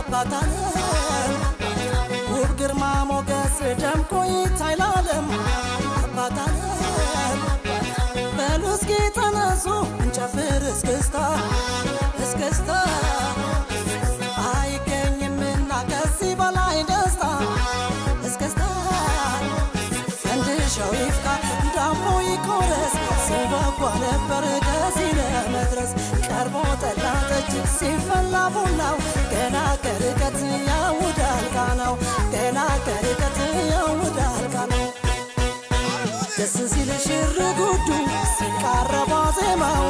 አባታለም ውብ ግርማ ሞገስ ደምቆ ይታይላለም አባታለም በሉ እስኪ ተነሱ እንጨፍር እስክስታ ጓጓ ነበር ከዚህ ለመድረስ ቀርቦ ጠላ ጠጅ ሲፈላ ቡናው ገና ከርቀት ያውዳል ቃናው ገና ከርቀት ያውዳል ቃናው ደስ ሲል ሽር ጉዱ ሲቃረባ ዜማው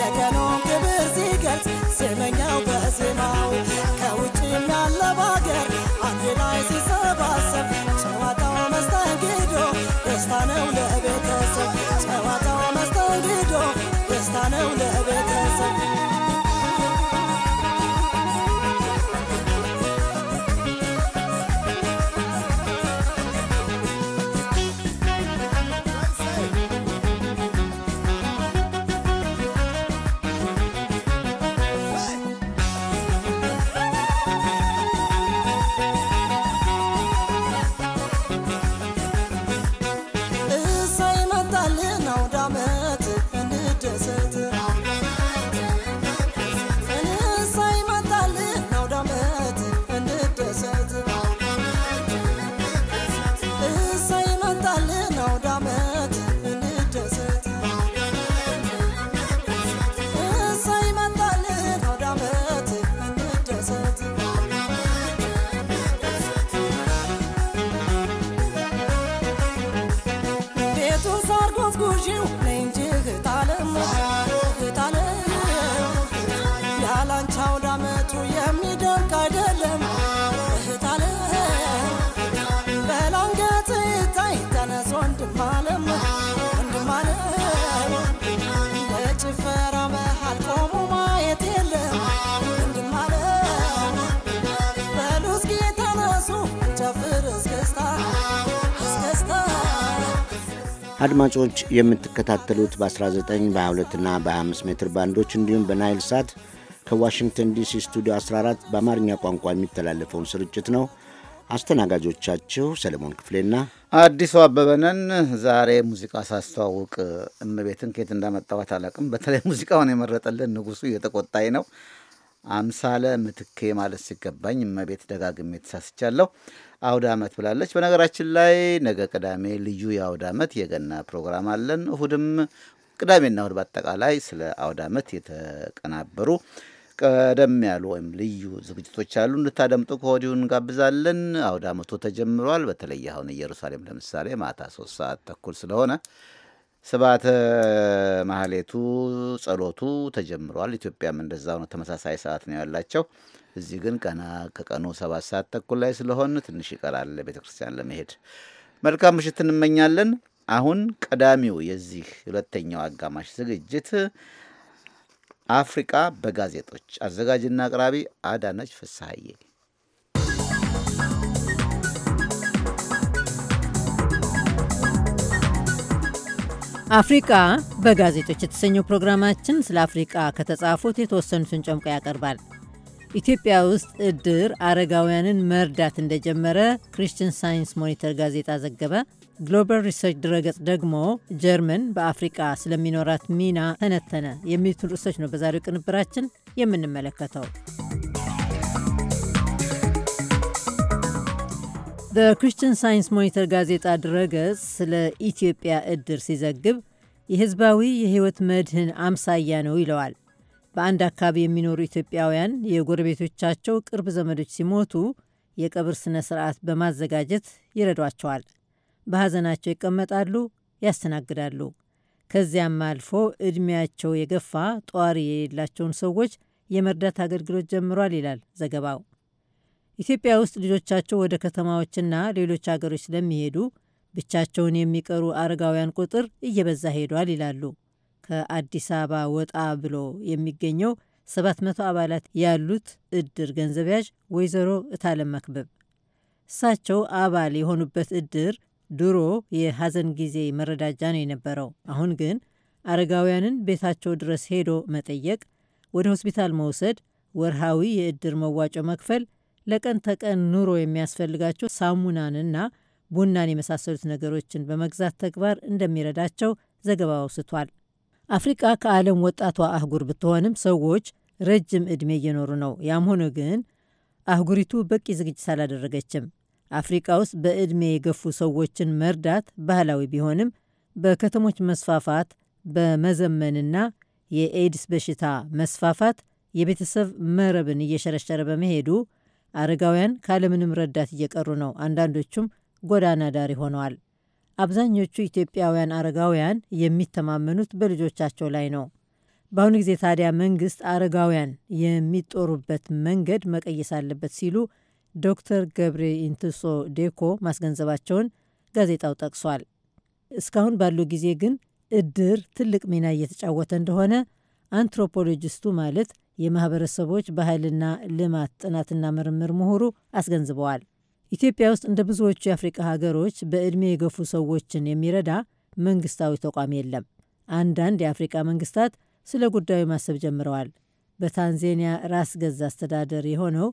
የቀኑን ክብር ሲገልጽ ዜመኛው በዜማው ከውጭም ያለ ባገር አንድ ላይ ሲሰባሰብ ጨዋታው መስተንግዶ ደስታ ነው ለቤተሰብ ጨዋታው እንግዶ ደስታ ነው ለቤተሰብ አድማጮች የምትከታተሉት በ19 በ22ና በ25 ሜትር ባንዶች እንዲሁም በናይል ሳት ከዋሽንግተን ዲሲ ስቱዲዮ 14 በአማርኛ ቋንቋ የሚተላለፈውን ስርጭት ነው። አስተናጋጆቻችሁ ሰለሞን ክፍሌና አዲሱ አበበነን። ዛሬ ሙዚቃ ሳስተዋውቅ እመቤትን ከየት እንዳመጣዋት አላቅም። በተለይ ሙዚቃውን የመረጠልን ንጉሱ እየተቆጣኝ ነው። አምሳለ ምትኬ ማለት ሲገባኝ እመቤት ደጋግሜ ተሳስቻለሁ። አውደ ዓመት ብላለች። በነገራችን ላይ ነገ ቅዳሜ ልዩ የአውደ ዓመት የገና ፕሮግራም አለን። እሁድም ቅዳሜና እሁድ በአጠቃላይ ስለ አውደ ዓመት የተቀናበሩ ቀደም ያሉ ወይም ልዩ ዝግጅቶች አሉ። እንድታደምጡ ከወዲሁ እንጋብዛለን። አውደ ዓመቱ ተጀምሯል። በተለይ አሁን ኢየሩሳሌም ለምሳሌ ማታ ሶስት ሰዓት ተኩል ስለሆነ ስባተ ማህሌቱ ጸሎቱ ተጀምሯል። ኢትዮጵያም እንደዛው ነው። ተመሳሳይ ሰዓት ነው ያላቸው። እዚህ ግን ቀና ከቀኑ ሰባት ሰዓት ተኩል ላይ ስለሆን ትንሽ ይቀራል ቤተ ክርስቲያን ለመሄድ። መልካም ምሽት እንመኛለን። አሁን ቀዳሚው የዚህ ሁለተኛው አጋማሽ ዝግጅት አፍሪቃ በጋዜጦች አዘጋጅና አቅራቢ አዳነች ፍስሐዬ። አፍሪቃ በጋዜጦች የተሰኘው ፕሮግራማችን ስለ አፍሪቃ ከተጻፉት የተወሰኑትን ጨምቆ ያቀርባል። ኢትዮጵያ ውስጥ እድር አረጋውያንን መርዳት እንደጀመረ ክሪስቲያን ሳይንስ ሞኒተር ጋዜጣ ዘገበ። ግሎባል ሪሰርች ድረገጽ ደግሞ ጀርመን በአፍሪቃ ስለሚኖራት ሚና ተነተነ። የሚሉትን ርዕሶች ነው በዛሬው ቅንብራችን የምንመለከተው። በክሪስቲያን ሳይንስ ሞኒተር ጋዜጣ ድረገጽ ስለ ኢትዮጵያ እድር ሲዘግብ የህዝባዊ የህይወት መድህን አምሳያ ነው ይለዋል። በአንድ አካባቢ የሚኖሩ ኢትዮጵያውያን የጎረቤቶቻቸው ቅርብ ዘመዶች ሲሞቱ የቀብር ስነ ስርዓት በማዘጋጀት ይረዷቸዋል። በሐዘናቸው ይቀመጣሉ፣ ያስተናግዳሉ። ከዚያም አልፎ ዕድሜያቸው የገፋ ጧሪ የሌላቸውን ሰዎች የመርዳት አገልግሎት ጀምሯል ይላል ዘገባው። ኢትዮጵያ ውስጥ ልጆቻቸው ወደ ከተማዎችና ሌሎች አገሮች ስለሚሄዱ ብቻቸውን የሚቀሩ አረጋውያን ቁጥር እየበዛ ሄዷል ይላሉ ከአዲስ አበባ ወጣ ብሎ የሚገኘው 700 አባላት ያሉት እድር ገንዘብ ያዥ ወይዘሮ እታለም መክበብ እሳቸው አባል የሆኑበት እድር ድሮ የሐዘን ጊዜ መረዳጃ ነው የነበረው። አሁን ግን አረጋውያንን ቤታቸው ድረስ ሄዶ መጠየቅ፣ ወደ ሆስፒታል መውሰድ፣ ወርሃዊ የእድር መዋጮ መክፈል፣ ለቀን ተቀን ኑሮ የሚያስፈልጋቸው ሳሙናንና ቡናን የመሳሰሉት ነገሮችን በመግዛት ተግባር እንደሚረዳቸው ዘገባ አውስቷል። አፍሪቃ ከዓለም ወጣቷ አህጉር ብትሆንም ሰዎች ረጅም ዕድሜ እየኖሩ ነው። ያም ሆኖ ግን አህጉሪቱ በቂ ዝግጅት አላደረገችም። አፍሪቃ ውስጥ በዕድሜ የገፉ ሰዎችን መርዳት ባህላዊ ቢሆንም በከተሞች መስፋፋት፣ በመዘመንና የኤድስ በሽታ መስፋፋት የቤተሰብ መረብን እየሸረሸረ በመሄዱ አረጋውያን ካለምንም ረዳት እየቀሩ ነው። አንዳንዶቹም ጎዳና ዳሪ ሆነዋል። አብዛኞቹ ኢትዮጵያውያን አረጋውያን የሚተማመኑት በልጆቻቸው ላይ ነው። በአሁኑ ጊዜ ታዲያ መንግስት አረጋውያን የሚጦሩበት መንገድ መቀየስ አለበት ሲሉ ዶክተር ገብሬ ኢንትሶ ዴኮ ማስገንዘባቸውን ጋዜጣው ጠቅሷል። እስካሁን ባለው ጊዜ ግን እድር ትልቅ ሚና እየተጫወተ እንደሆነ አንትሮፖሎጂስቱ ማለት የማህበረሰቦች ባህልና ልማት ጥናትና ምርምር ምሁሩ አስገንዝበዋል። ኢትዮጵያ ውስጥ እንደ ብዙዎቹ የአፍሪቃ ሀገሮች በዕድሜ የገፉ ሰዎችን የሚረዳ መንግስታዊ ተቋም የለም። አንዳንድ የአፍሪቃ መንግስታት ስለ ጉዳዩ ማሰብ ጀምረዋል። በታንዜኒያ ራስ ገዝ አስተዳደር የሆነው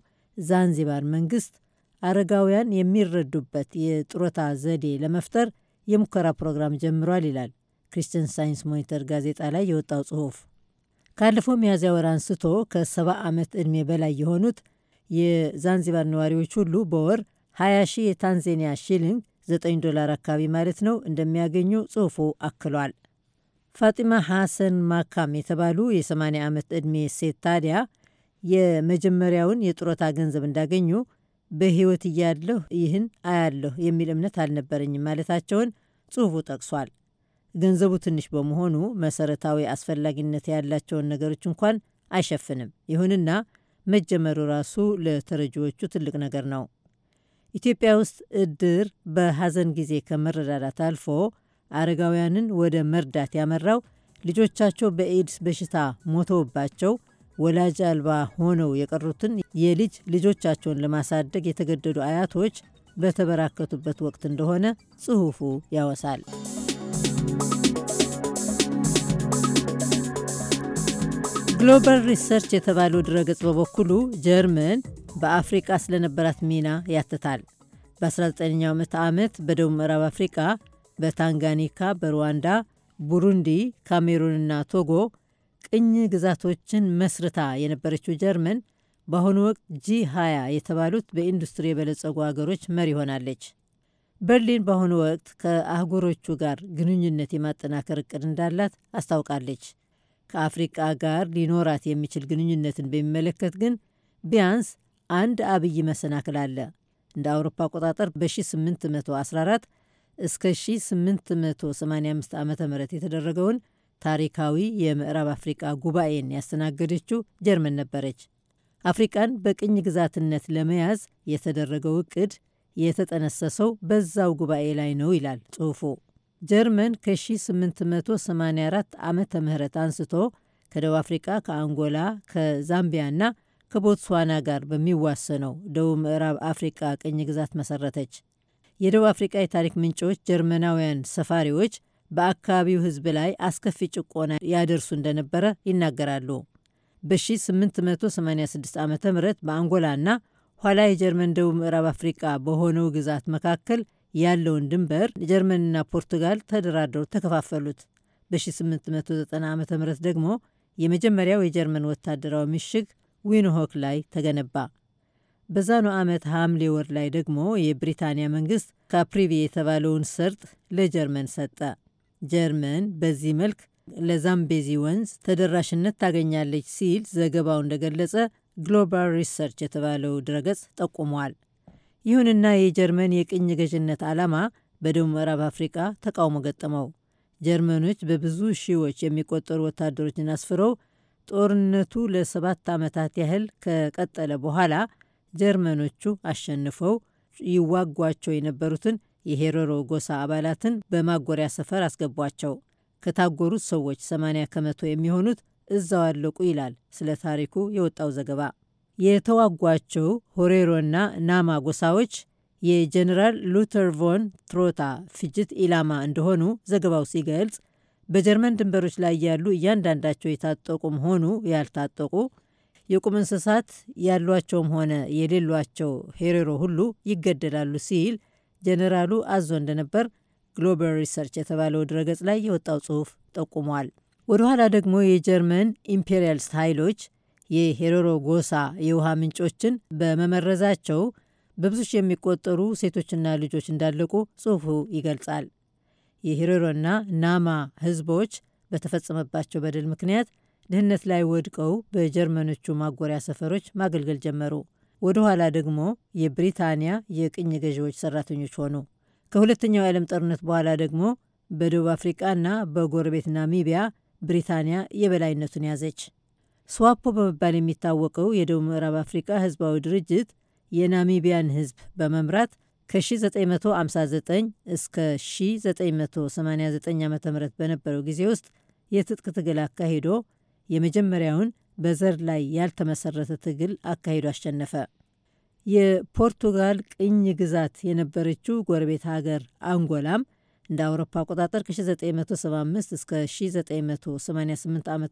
ዛንዚባር መንግስት አረጋውያን የሚረዱበት የጡረታ ዘዴ ለመፍጠር የሙከራ ፕሮግራም ጀምሯል ይላል ክሪስቲያን ሳይንስ ሞኒተር ጋዜጣ ላይ የወጣው ጽሑፍ። ካለፈው ሚያዝያ ወር አንስቶ ከሰባ ዓመት ዕድሜ በላይ የሆኑት የዛንዚባር ነዋሪዎች ሁሉ በወር 20 ሺህ የታንዛኒያ ሺሊንግ 9 ዶላር አካባቢ ማለት ነው እንደሚያገኙ ጽሑፉ አክሏል። ፋጢማ ሐሰን ማካም የተባሉ የ80 ዓመት ዕድሜ ሴት ታዲያ የመጀመሪያውን የጡረታ ገንዘብ እንዳገኙ በሕይወት እያለሁ ይህን አያለሁ የሚል እምነት አልነበረኝም ማለታቸውን ጽሑፉ ጠቅሷል። ገንዘቡ ትንሽ በመሆኑ መሰረታዊ አስፈላጊነት ያላቸውን ነገሮች እንኳን አይሸፍንም። ይሁንና መጀመሩ ራሱ ለተረጂዎቹ ትልቅ ነገር ነው። ኢትዮጵያ ውስጥ እድር በሐዘን ጊዜ ከመረዳዳት አልፎ አረጋውያንን ወደ መርዳት ያመራው ልጆቻቸው በኤድስ በሽታ ሞተውባቸው ወላጅ አልባ ሆነው የቀሩትን የልጅ ልጆቻቸውን ለማሳደግ የተገደዱ አያቶች በተበራከቱበት ወቅት እንደሆነ ጽሑፉ ያወሳል። ግሎባል ሪሰርች የተባለው ድረገጽ በበኩሉ ጀርመን በአፍሪቃ ስለነበራት ሚና ያትታል። በ19ኛው ምዕተ ዓመት በደቡብ ምዕራብ አፍሪቃ በታንጋኒካ፣ በሩዋንዳ፣ ቡሩንዲ፣ ካሜሩንና ቶጎ ቅኝ ግዛቶችን መስርታ የነበረችው ጀርመን በአሁኑ ወቅት ጂ 20 የተባሉት በኢንዱስትሪ የበለጸጉ አገሮች መሪ ሆናለች። በርሊን በአሁኑ ወቅት ከአህጉሮቹ ጋር ግንኙነት የማጠናከር እቅድ እንዳላት አስታውቃለች። ከአፍሪቃ ጋር ሊኖራት የሚችል ግንኙነትን በሚመለከት ግን ቢያንስ አንድ አብይ መሰናክል አለ። እንደ አውሮፓ አቆጣጠር በ1814 እስከ 1885 ዓ ም የተደረገውን ታሪካዊ የምዕራብ አፍሪቃ ጉባኤን ያስተናገደችው ጀርመን ነበረች። አፍሪቃን በቅኝ ግዛትነት ለመያዝ የተደረገው እቅድ የተጠነሰሰው በዛው ጉባኤ ላይ ነው ይላል ጽሑፉ። ጀርመን ከ1884 ዓመተ ምህረት አንስቶ ከደቡብ አፍሪቃ፣ ከአንጎላ፣ ከዛምቢያና ከቦትስዋና ጋር በሚዋሰነው ደቡብ ምዕራብ አፍሪቃ ቅኝ ግዛት መሰረተች። የደቡብ አፍሪቃ የታሪክ ምንጮች ጀርመናውያን ሰፋሪዎች በአካባቢው ሕዝብ ላይ አስከፊ ጭቆና ያደርሱ እንደነበረ ይናገራሉ። በ1886 ዓ ም በአንጎላና ኋላ የጀርመን ደቡብ ምዕራብ አፍሪቃ በሆነው ግዛት መካከል ያለውን ድንበር ጀርመንና ፖርቱጋል ተደራድረው ተከፋፈሉት። በ1890 ዓ ም ደግሞ የመጀመሪያው የጀርመን ወታደራዊ ምሽግ ዊንሆክ ላይ ተገነባ። በዛኑ ዓመት ሐምሌ ወር ላይ ደግሞ የብሪታንያ መንግስት ካፕሪቪ የተባለውን ሰርጥ ለጀርመን ሰጠ። ጀርመን በዚህ መልክ ለዛምቤዚ ወንዝ ተደራሽነት ታገኛለች ሲል ዘገባው እንደገለጸ ግሎባል ሪሰርች የተባለው ድረገጽ ጠቁሟል። ይሁንና የጀርመን የቅኝ ገዥነት ዓላማ በደቡብ ምዕራብ አፍሪቃ ተቃውሞ ገጠመው። ጀርመኖች በብዙ ሺዎች የሚቆጠሩ ወታደሮችን አስፍረው ጦርነቱ ለሰባት ዓመታት ያህል ከቀጠለ በኋላ ጀርመኖቹ አሸንፈው ይዋጓቸው የነበሩትን የሄሮሮ ጎሳ አባላትን በማጎሪያ ሰፈር አስገቧቸው። ከታጎሩት ሰዎች 80 ከመቶ የሚሆኑት እዛው አለቁ ይላል ስለ ታሪኩ የወጣው ዘገባ። የተዋጓቸው ሆሬሮና ናማ ጎሳዎች የጀኔራል ሉተር ቮን ትሮታ ፍጅት ኢላማ እንደሆኑ ዘገባው ሲገልጽ በጀርመን ድንበሮች ላይ ያሉ እያንዳንዳቸው የታጠቁም ሆኑ ያልታጠቁ የቁም እንስሳት ያሏቸውም ሆነ የሌሏቸው ሄሬሮ ሁሉ ይገደላሉ ሲል ጀኔራሉ አዞ እንደነበር ግሎባል ሪሰርች የተባለው ድረገጽ ላይ የወጣው ጽሑፍ ጠቁሟል። ወደ ኋላ ደግሞ የጀርመን ኢምፔሪያልስት ኃይሎች የሄሮሮ ጎሳ የውሃ ምንጮችን በመመረዛቸው በብዙ ሺህ የሚቆጠሩ ሴቶችና ልጆች እንዳለቁ ጽሑፉ ይገልጻል። የሄሮሮና ናማ ህዝቦች በተፈጸመባቸው በደል ምክንያት ድህነት ላይ ወድቀው በጀርመኖቹ ማጎሪያ ሰፈሮች ማገልገል ጀመሩ። ወደ ኋላ ደግሞ የብሪታንያ የቅኝ ገዢዎች ሰራተኞች ሆኑ። ከሁለተኛው የዓለም ጦርነት በኋላ ደግሞ በደቡብ አፍሪቃና በጎረቤት ናሚቢያ ብሪታንያ የበላይነቱን ያዘች። ስዋፖ በመባል የሚታወቀው የደቡብ ምዕራብ አፍሪካ ህዝባዊ ድርጅት የናሚቢያን ህዝብ በመምራት ከ1959 እስከ 1989 ዓ ም በነበረው ጊዜ ውስጥ የትጥቅ ትግል አካሂዶ የመጀመሪያውን በዘር ላይ ያልተመሰረተ ትግል አካሂዶ አሸነፈ። የፖርቱጋል ቅኝ ግዛት የነበረችው ጎረቤት ሀገር አንጎላም እንደ አውሮፓ አቆጣጠር ከ1975 እስከ 1988 ዓ ም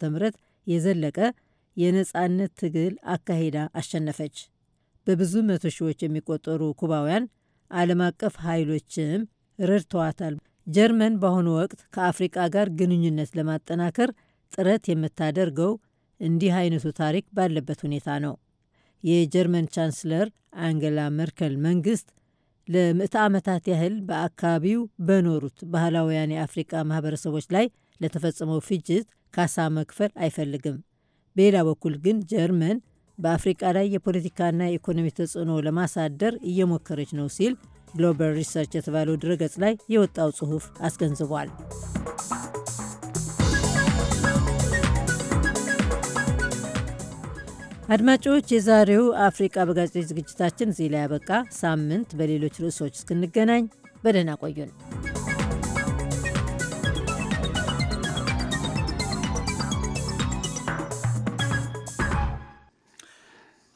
የዘለቀ የነፃነት ትግል አካሂዳ አሸነፈች። በብዙ መቶ ሺዎች የሚቆጠሩ ኩባውያን ዓለም አቀፍ ኃይሎችም ረድተዋታል። ጀርመን በአሁኑ ወቅት ከአፍሪቃ ጋር ግንኙነት ለማጠናከር ጥረት የምታደርገው እንዲህ አይነቱ ታሪክ ባለበት ሁኔታ ነው። የጀርመን ቻንስለር አንገላ መርከል መንግስት ለምዕተ ዓመታት ያህል በአካባቢው በኖሩት ባህላውያን የአፍሪቃ ማህበረሰቦች ላይ ለተፈጸመው ፍጅት ካሳ መክፈል አይፈልግም። በሌላ በኩል ግን ጀርመን በአፍሪቃ ላይ የፖለቲካና የኢኮኖሚ ተጽዕኖ ለማሳደር እየሞከረች ነው ሲል ግሎባል ሪሰርች የተባለው ድረገጽ ላይ የወጣው ጽሑፍ አስገንዝቧል። አድማጮች፣ የዛሬው አፍሪቃ በጋዜጦች ዝግጅታችን እዚህ ላይ ያበቃ። ሳምንት በሌሎች ርዕሶች እስክንገናኝ በደህና ቆዩን።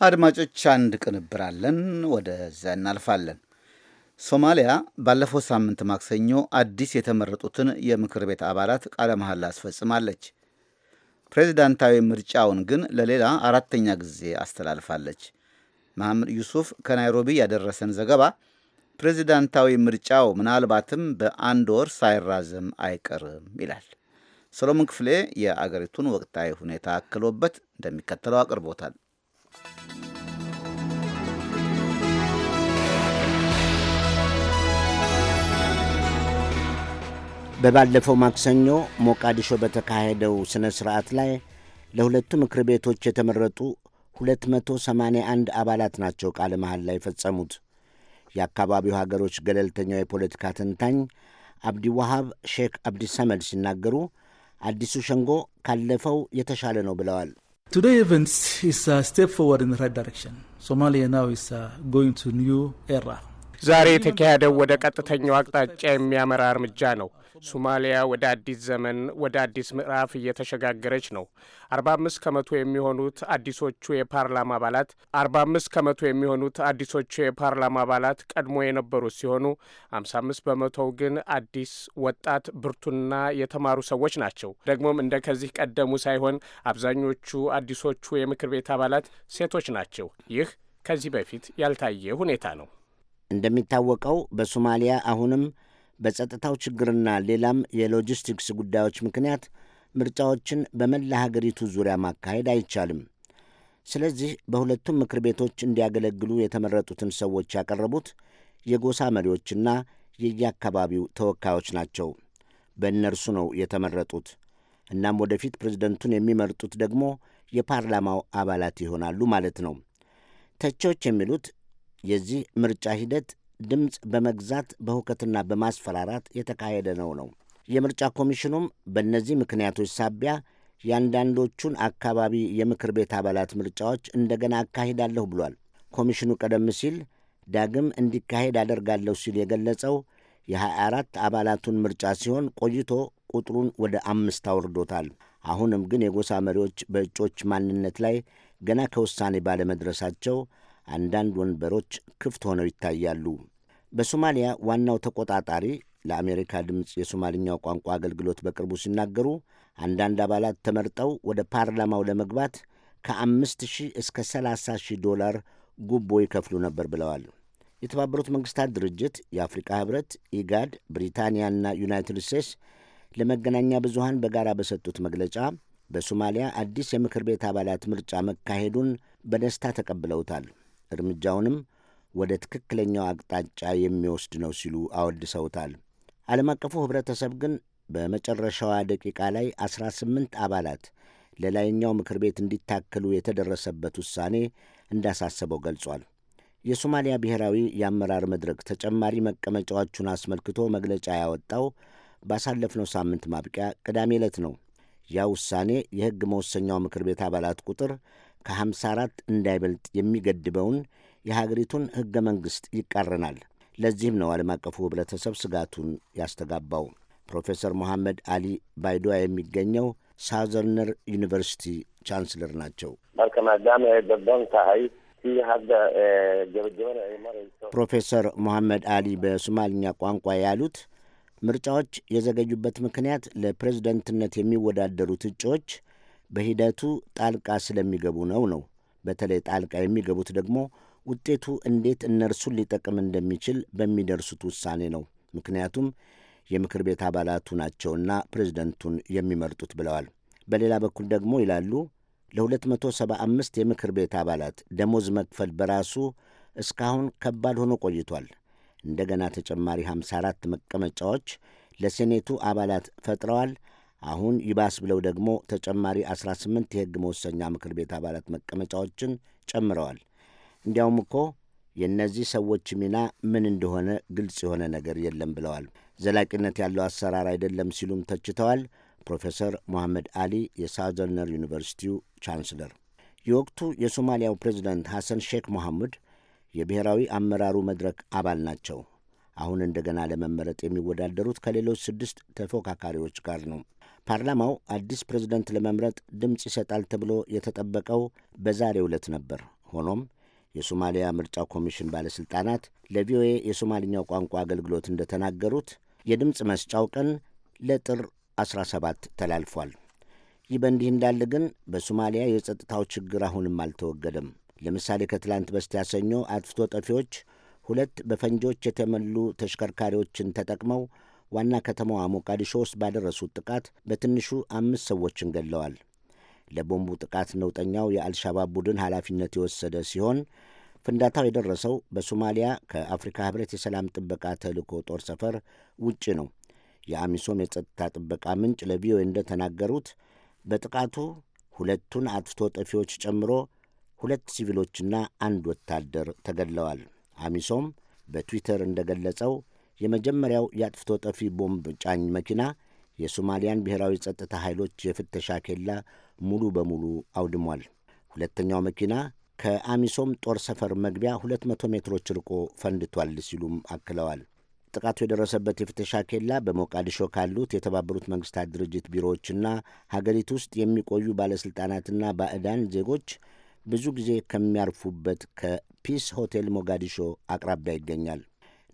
አድማጮች አንድ ቅንብር አለን። ወደዚያ እናልፋለን። ሶማሊያ ባለፈው ሳምንት ማክሰኞ አዲስ የተመረጡትን የምክር ቤት አባላት ቃለ መሐላ አስፈጽማለች። ፕሬዚዳንታዊ ምርጫውን ግን ለሌላ አራተኛ ጊዜ አስተላልፋለች። መሐመድ ዩሱፍ ከናይሮቢ ያደረሰን ዘገባ ፕሬዚዳንታዊ ምርጫው ምናልባትም በአንድ ወር ሳይራዘም አይቀርም ይላል። ሰሎሞን ክፍሌ የአገሪቱን ወቅታዊ ሁኔታ አክሎበት እንደሚከተለው አቅርቦታል። በባለፈው ማክሰኞ ሞቃዲሾ በተካሄደው ሥነ ሥርዓት ላይ ለሁለቱ ምክር ቤቶች የተመረጡ 281 አባላት ናቸው ቃለ መሐል ላይ የፈጸሙት። የአካባቢው ሀገሮች ገለልተኛው የፖለቲካ ተንታኝ አብዲ ዋሃብ ሼክ አብዲሰመድ ሰመድ ሲናገሩ አዲሱ ሸንጎ ካለፈው የተሻለ ነው ብለዋል። Today events is a step forward in the right direction. Somalia now is uh, going to new era. ዛሬ የተካሄደው ወደ ቀጥተኛው አቅጣጫ የሚያመራ እርምጃ ነው። ሶማሊያ ወደ አዲስ ዘመን ወደ አዲስ ምዕራፍ እየተሸጋገረች ነው። 45 ከመቶ የሚሆኑት አዲሶቹ የፓርላማ አባላት 45 ከመቶ የሚሆኑት አዲሶቹ የፓርላማ አባላት ቀድሞ የነበሩት ሲሆኑ 55 በመቶው ግን አዲስ ወጣት ብርቱና የተማሩ ሰዎች ናቸው። ደግሞም እንደ ከዚህ ቀደሙ ሳይሆን አብዛኞቹ አዲሶቹ የምክር ቤት አባላት ሴቶች ናቸው። ይህ ከዚህ በፊት ያልታየ ሁኔታ ነው። እንደሚታወቀው በሶማሊያ አሁንም በጸጥታው ችግርና ሌላም የሎጂስቲክስ ጉዳዮች ምክንያት ምርጫዎችን በመላ ሀገሪቱ ዙሪያ ማካሄድ አይቻልም። ስለዚህ በሁለቱም ምክር ቤቶች እንዲያገለግሉ የተመረጡትን ሰዎች ያቀረቡት የጎሳ መሪዎችና የየአካባቢው ተወካዮች ናቸው። በእነርሱ ነው የተመረጡት። እናም ወደፊት ፕሬዝደንቱን የሚመርጡት ደግሞ የፓርላማው አባላት ይሆናሉ ማለት ነው። ተቺዎች የሚሉት የዚህ ምርጫ ሂደት ድምፅ በመግዛት በሁከትና በማስፈራራት የተካሄደ ነው ነው። የምርጫ ኮሚሽኑም በእነዚህ ምክንያቶች ሳቢያ የአንዳንዶቹን አካባቢ የምክር ቤት አባላት ምርጫዎች እንደገና አካሂዳለሁ ብሏል። ኮሚሽኑ ቀደም ሲል ዳግም እንዲካሄድ አደርጋለሁ ሲል የገለጸው የ24 አባላቱን ምርጫ ሲሆን ቆይቶ ቁጥሩን ወደ አምስት አውርዶታል። አሁንም ግን የጎሳ መሪዎች በእጮች ማንነት ላይ ገና ከውሳኔ ባለመድረሳቸው አንዳንድ ወንበሮች ክፍት ሆነው ይታያሉ። በሶማሊያ ዋናው ተቆጣጣሪ ለአሜሪካ ድምፅ የሶማልኛው ቋንቋ አገልግሎት በቅርቡ ሲናገሩ አንዳንድ አባላት ተመርጠው ወደ ፓርላማው ለመግባት ከአምስት ሺህ እስከ ሰላሳ ሺህ ዶላር ጉቦ ይከፍሉ ነበር ብለዋል። የተባበሩት መንግስታት ድርጅት፣ የአፍሪካ ህብረት፣ ኢጋድ፣ ብሪታንያና ዩናይትድ ስቴትስ ለመገናኛ ብዙሃን በጋራ በሰጡት መግለጫ በሶማሊያ አዲስ የምክር ቤት አባላት ምርጫ መካሄዱን በደስታ ተቀብለውታል። እርምጃውንም ወደ ትክክለኛው አቅጣጫ የሚወስድ ነው ሲሉ አወድሰውታል። ዓለም አቀፉ ኅብረተሰብ ግን በመጨረሻዋ ደቂቃ ላይ 18 አባላት ለላይኛው ምክር ቤት እንዲታከሉ የተደረሰበት ውሳኔ እንዳሳሰበው ገልጿል። የሶማሊያ ብሔራዊ የአመራር መድረክ ተጨማሪ መቀመጫዎቹን አስመልክቶ መግለጫ ያወጣው ባሳለፍነው ሳምንት ማብቂያ ቅዳሜ ዕለት ነው። ያ ውሳኔ የሕግ መወሰኛው ምክር ቤት አባላት ቁጥር ከ54 እንዳይበልጥ የሚገድበውን የሀገሪቱን ሕገ መንግሥት ይቃረናል። ለዚህም ነው ዓለም አቀፉ ኅብረተሰብ ስጋቱን ያስተጋባው። ፕሮፌሰር ሞሐመድ አሊ ባይዶዋ የሚገኘው ሳዘርነር ዩኒቨርሲቲ ቻንስለር ናቸው። ፕሮፌሰር ሞሐመድ አሊ በሶማልኛ ቋንቋ ያሉት ምርጫዎች የዘገዩበት ምክንያት ለፕሬዝደንትነት የሚወዳደሩት እጩዎች በሂደቱ ጣልቃ ስለሚገቡ ነው ነው። በተለይ ጣልቃ የሚገቡት ደግሞ ውጤቱ እንዴት እነርሱን ሊጠቅም እንደሚችል በሚደርሱት ውሳኔ ነው። ምክንያቱም የምክር ቤት አባላቱ ናቸውና ፕሬዝደንቱን የሚመርጡት ብለዋል። በሌላ በኩል ደግሞ ይላሉ ለ275 የምክር ቤት አባላት ደሞዝ መክፈል በራሱ እስካሁን ከባድ ሆኖ ቆይቷል። እንደገና ተጨማሪ 54 መቀመጫዎች ለሴኔቱ አባላት ፈጥረዋል። አሁን ይባስ ብለው ደግሞ ተጨማሪ 18 የሕግ መወሰኛ ምክር ቤት አባላት መቀመጫዎችን ጨምረዋል። እንዲያውም እኮ የእነዚህ ሰዎች ሚና ምን እንደሆነ ግልጽ የሆነ ነገር የለም ብለዋል። ዘላቂነት ያለው አሰራር አይደለም ሲሉም ተችተዋል። ፕሮፌሰር ሞሐመድ አሊ የሳውዘርነር ዩኒቨርሲቲው ቻንስለር። የወቅቱ የሶማሊያው ፕሬዚደንት ሐሰን ሼክ ሞሐሙድ የብሔራዊ አመራሩ መድረክ አባል ናቸው። አሁን እንደገና ለመመረጥ የሚወዳደሩት ከሌሎች ስድስት ተፎካካሪዎች ጋር ነው። ፓርላማው አዲስ ፕሬዝደንት ለመምረጥ ድምፅ ይሰጣል ተብሎ የተጠበቀው በዛሬው ዕለት ነበር። ሆኖም የሶማሊያ ምርጫ ኮሚሽን ባለሥልጣናት ለቪኦኤ የሶማልኛው ቋንቋ አገልግሎት እንደተናገሩት የድምፅ መስጫው ቀን ለጥር 17 ተላልፏል። ይህ በእንዲህ እንዳለ ግን በሶማሊያ የጸጥታው ችግር አሁንም አልተወገደም። ለምሳሌ ከትላንት በስቲያ ሰኞ አጥፍቶ ጠፊዎች ሁለት በፈንጂዎች የተሞሉ ተሽከርካሪዎችን ተጠቅመው ዋና ከተማዋ ሞቃዲሾ ውስጥ ባደረሱት ጥቃት በትንሹ አምስት ሰዎችን ገድለዋል። ለቦምቡ ጥቃት ነውጠኛው የአልሻባብ ቡድን ኃላፊነት የወሰደ ሲሆን ፍንዳታው የደረሰው በሶማሊያ ከአፍሪካ ህብረት የሰላም ጥበቃ ተልእኮ ጦር ሰፈር ውጭ ነው። የአሚሶም የጸጥታ ጥበቃ ምንጭ ለቪኦኤ እንደተናገሩት በጥቃቱ ሁለቱን አጥፍቶ ጠፊዎች ጨምሮ ሁለት ሲቪሎችና አንድ ወታደር ተገድለዋል። አሚሶም በትዊተር እንደገለጸው የመጀመሪያው የአጥፍቶ ጠፊ ቦምብ ጫኝ መኪና የሶማሊያን ብሔራዊ ጸጥታ ኃይሎች የፍተሻ ኬላ ሙሉ በሙሉ አውድሟል። ሁለተኛው መኪና ከአሚሶም ጦር ሰፈር መግቢያ 200 ሜትሮች ርቆ ፈንድቷል ሲሉም አክለዋል። ጥቃቱ የደረሰበት የፍተሻ ኬላ በሞቃዲሾ ካሉት የተባበሩት መንግስታት ድርጅት ቢሮዎችና ሀገሪቱ ውስጥ የሚቆዩ ባለሥልጣናትና ባዕዳን ዜጎች ብዙ ጊዜ ከሚያርፉበት ከፒስ ሆቴል ሞጋዲሾ አቅራቢያ ይገኛል።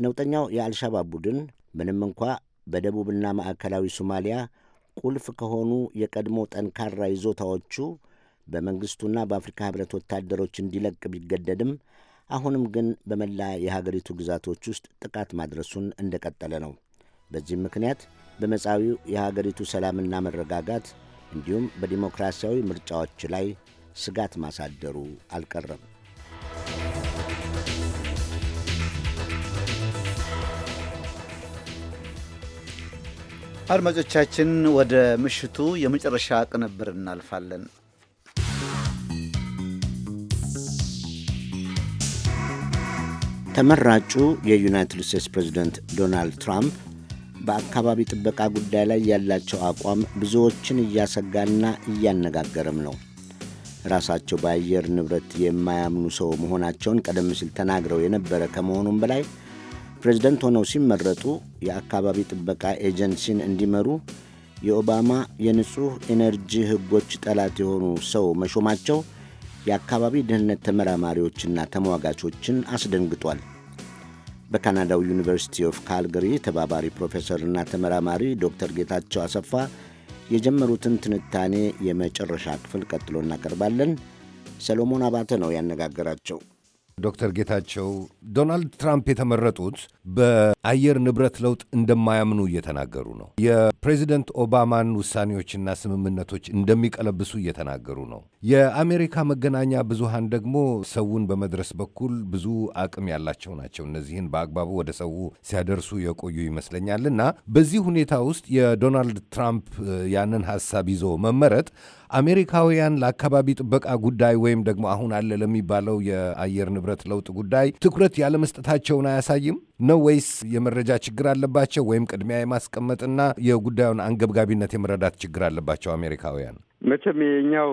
ነውጠኛው የአልሻባብ ቡድን ምንም እንኳ በደቡብና ማዕከላዊ ሶማሊያ ቁልፍ ከሆኑ የቀድሞ ጠንካራ ይዞታዎቹ በመንግሥቱና በአፍሪካ ኅብረት ወታደሮች እንዲለቅ ቢገደድም አሁንም ግን በመላ የሀገሪቱ ግዛቶች ውስጥ ጥቃት ማድረሱን እንደቀጠለ ነው። በዚህም ምክንያት በመጻዊው የሀገሪቱ ሰላምና መረጋጋት እንዲሁም በዲሞክራሲያዊ ምርጫዎች ላይ ስጋት ማሳደሩ አልቀረም። አድማጮቻችን ወደ ምሽቱ የመጨረሻ ቅንብር እናልፋለን። ተመራጩ የዩናይትድ ስቴትስ ፕሬዝደንት ዶናልድ ትራምፕ በአካባቢ ጥበቃ ጉዳይ ላይ ያላቸው አቋም ብዙዎችን እያሰጋና እያነጋገረም ነው። ራሳቸው በአየር ንብረት የማያምኑ ሰው መሆናቸውን ቀደም ሲል ተናግረው የነበረ ከመሆኑም በላይ ፕሬዝደንት ሆነው ሲመረጡ የአካባቢ ጥበቃ ኤጀንሲን እንዲመሩ የኦባማ የንጹሕ ኢነርጂ ሕጎች ጠላት የሆኑ ሰው መሾማቸው የአካባቢ ደህንነት ተመራማሪዎችና ተሟጋቾችን አስደንግጧል። በካናዳው ዩኒቨርሲቲ ኦፍ ካልገሪ ተባባሪ ፕሮፌሰርና ተመራማሪ ዶክተር ጌታቸው አሰፋ የጀመሩትን ትንታኔ የመጨረሻ ክፍል ቀጥሎ እናቀርባለን። ሰሎሞን አባተ ነው ያነጋገራቸው። ዶክተር ጌታቸው ዶናልድ ትራምፕ የተመረጡት በአየር ንብረት ለውጥ እንደማያምኑ እየተናገሩ ነው። የፕሬዚደንት ኦባማን ውሳኔዎችና ስምምነቶች እንደሚቀለብሱ እየተናገሩ ነው። የአሜሪካ መገናኛ ብዙሃን ደግሞ ሰውን በመድረስ በኩል ብዙ አቅም ያላቸው ናቸው። እነዚህን በአግባቡ ወደ ሰው ሲያደርሱ የቆዩ ይመስለኛል እና በዚህ ሁኔታ ውስጥ የዶናልድ ትራምፕ ያንን ሀሳብ ይዞ መመረጥ አሜሪካውያን ለአካባቢ ጥበቃ ጉዳይ ወይም ደግሞ አሁን አለ ለሚባለው የአየር ንብረት ለውጥ ጉዳይ ትኩረት ያለመስጠታቸውን አያሳይም? ነው ወይስ የመረጃ ችግር አለባቸው ወይም ቅድሚያ የማስቀመጥና የጉዳዩን አንገብጋቢነት የመረዳት ችግር አለባቸው አሜሪካውያን? መቼም የኛው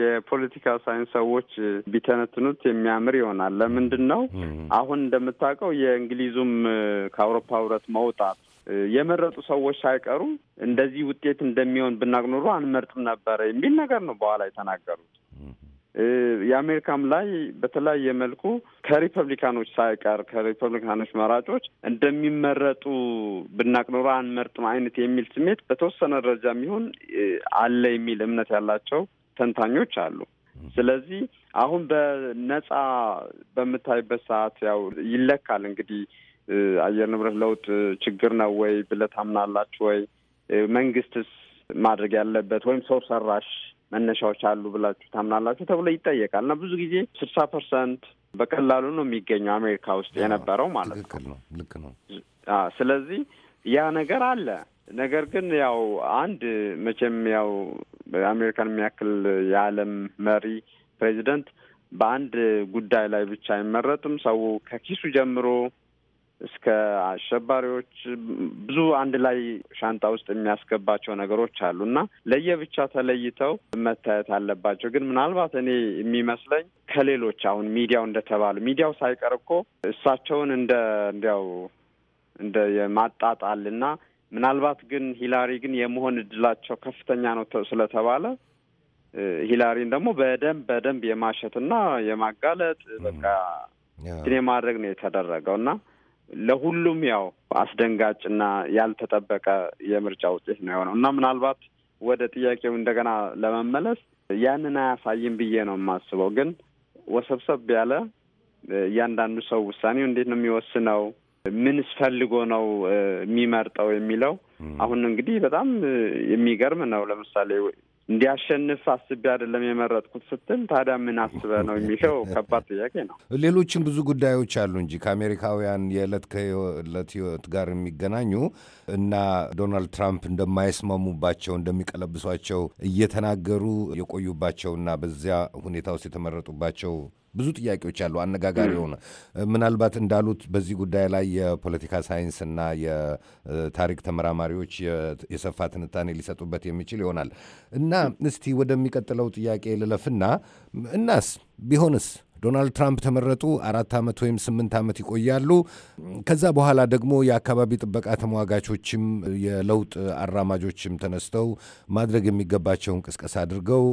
የፖለቲካ ሳይንስ ሰዎች ቢተነትኑት የሚያምር ይሆናል። ለምንድን ነው አሁን እንደምታውቀው የእንግሊዙም ከአውሮፓ ህብረት መውጣት የመረጡ ሰዎች ሳይቀሩ እንደዚህ ውጤት እንደሚሆን ብናቅ አንመርጥም ነበረ የሚል ነገር ነው በኋላ የተናገሩት። የአሜሪካም ላይ በተለያየ መልኩ ከሪፐብሊካኖች ሳይቀር ከሪፐብሊካኖች መራጮች እንደሚመረጡ ብናቅ ኖሮ አንመርጥም አይነት የሚል ስሜት በተወሰነ ደረጃ የሚሆን አለ የሚል እምነት ያላቸው ተንታኞች አሉ። ስለዚህ አሁን በነጻ በምታይበት ሰዓት ያው ይለካል እንግዲህ አየር ንብረት ለውጥ ችግር ነው ወይ ብለህ ታምናላችሁ ወይ መንግስትስ ማድረግ ያለበት ወይም ሰው ሰራሽ መነሻዎች አሉ ብላችሁ ታምናላችሁ ተብሎ ይጠየቃል እና ብዙ ጊዜ ስልሳ ፐርሰንት በቀላሉ ነው የሚገኘው አሜሪካ ውስጥ የነበረው ማለት ነው። ልክ ነው። ስለዚህ ያ ነገር አለ። ነገር ግን ያው አንድ መቼም ያው አሜሪካን የሚያክል የዓለም መሪ ፕሬዚደንት በአንድ ጉዳይ ላይ ብቻ አይመረጥም። ሰው ከኪሱ ጀምሮ እስከ አሸባሪዎች ብዙ አንድ ላይ ሻንጣ ውስጥ የሚያስገባቸው ነገሮች አሉ እና ለየብቻ ተለይተው መታየት አለባቸው። ግን ምናልባት እኔ የሚመስለኝ ከሌሎች አሁን ሚዲያው እንደተባሉ ሚዲያው ሳይቀር እኮ እሳቸውን እንደ እንዲያው እንደ የማጣጣል እና ምናልባት ግን ሂላሪ ግን የመሆን እድላቸው ከፍተኛ ነው ስለተባለ ሂላሪን ደግሞ በደንብ በደንብ የማሸትና የማጋለጥ በቃ እንትን የማድረግ ነው የተደረገው እና ለሁሉም ያው አስደንጋጭና ያልተጠበቀ የምርጫ ውጤት ነው የሆነው እና ምናልባት ወደ ጥያቄው እንደገና ለመመለስ ያንን አያሳይም ብዬ ነው የማስበው። ግን ወሰብሰብ ያለ እያንዳንዱ ሰው ውሳኔው እንዴት ነው የሚወስነው፣ ምንስ ፈልጎ ነው የሚመርጠው የሚለው አሁን እንግዲህ በጣም የሚገርም ነው። ለምሳሌ እንዲያሸንፍ አስቤ አይደለም የመረጥኩት ስትል ታዲያ ምን አስበ ነው የሚለው ከባድ ጥያቄ ነው። ሌሎችም ብዙ ጉዳዮች አሉ እንጂ ከአሜሪካውያን የዕለት ከዕለት ህይወት ጋር የሚገናኙ እና ዶናልድ ትራምፕ እንደማይስማሙባቸው እንደሚቀለብሷቸው እየተናገሩ የቆዩባቸውና በዚያ ሁኔታ ውስጥ የተመረጡባቸው ብዙ ጥያቄዎች አሉ። አነጋጋሪ የሆነ ምናልባት እንዳሉት በዚህ ጉዳይ ላይ የፖለቲካ ሳይንስና የታሪክ ተመራማሪዎች የሰፋ ትንታኔ ሊሰጡበት የሚችል ይሆናል እና እስቲ ወደሚቀጥለው ጥያቄ ልለፍና እናስ ቢሆንስ ዶናልድ ትራምፕ ተመረጡ፣ አራት ዓመት ወይም ስምንት ዓመት ይቆያሉ። ከዛ በኋላ ደግሞ የአካባቢ ጥበቃ ተሟጋቾችም የለውጥ አራማጆችም ተነስተው ማድረግ የሚገባቸውን ቅስቀሳ አድርገው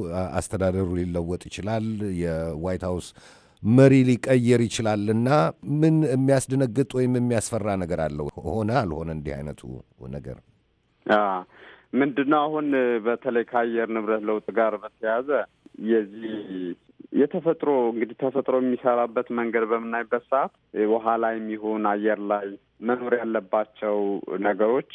አስተዳደሩ ሊለወጥ ይችላል፣ የዋይት ሀውስ መሪ ሊቀየር ይችላልና ምን የሚያስደነግጥ ወይም የሚያስፈራ ነገር አለው? ሆነ አልሆነ እንዲህ አይነቱ ነገር ምንድነው? አሁን በተለይ ከአየር ንብረት ለውጥ ጋር በተያያዘ የዚህ የተፈጥሮ እንግዲህ ተፈጥሮ የሚሰራበት መንገድ በምናይበት ሰዓት ውሃ ላይም ይሁን አየር ላይ መኖር ያለባቸው ነገሮች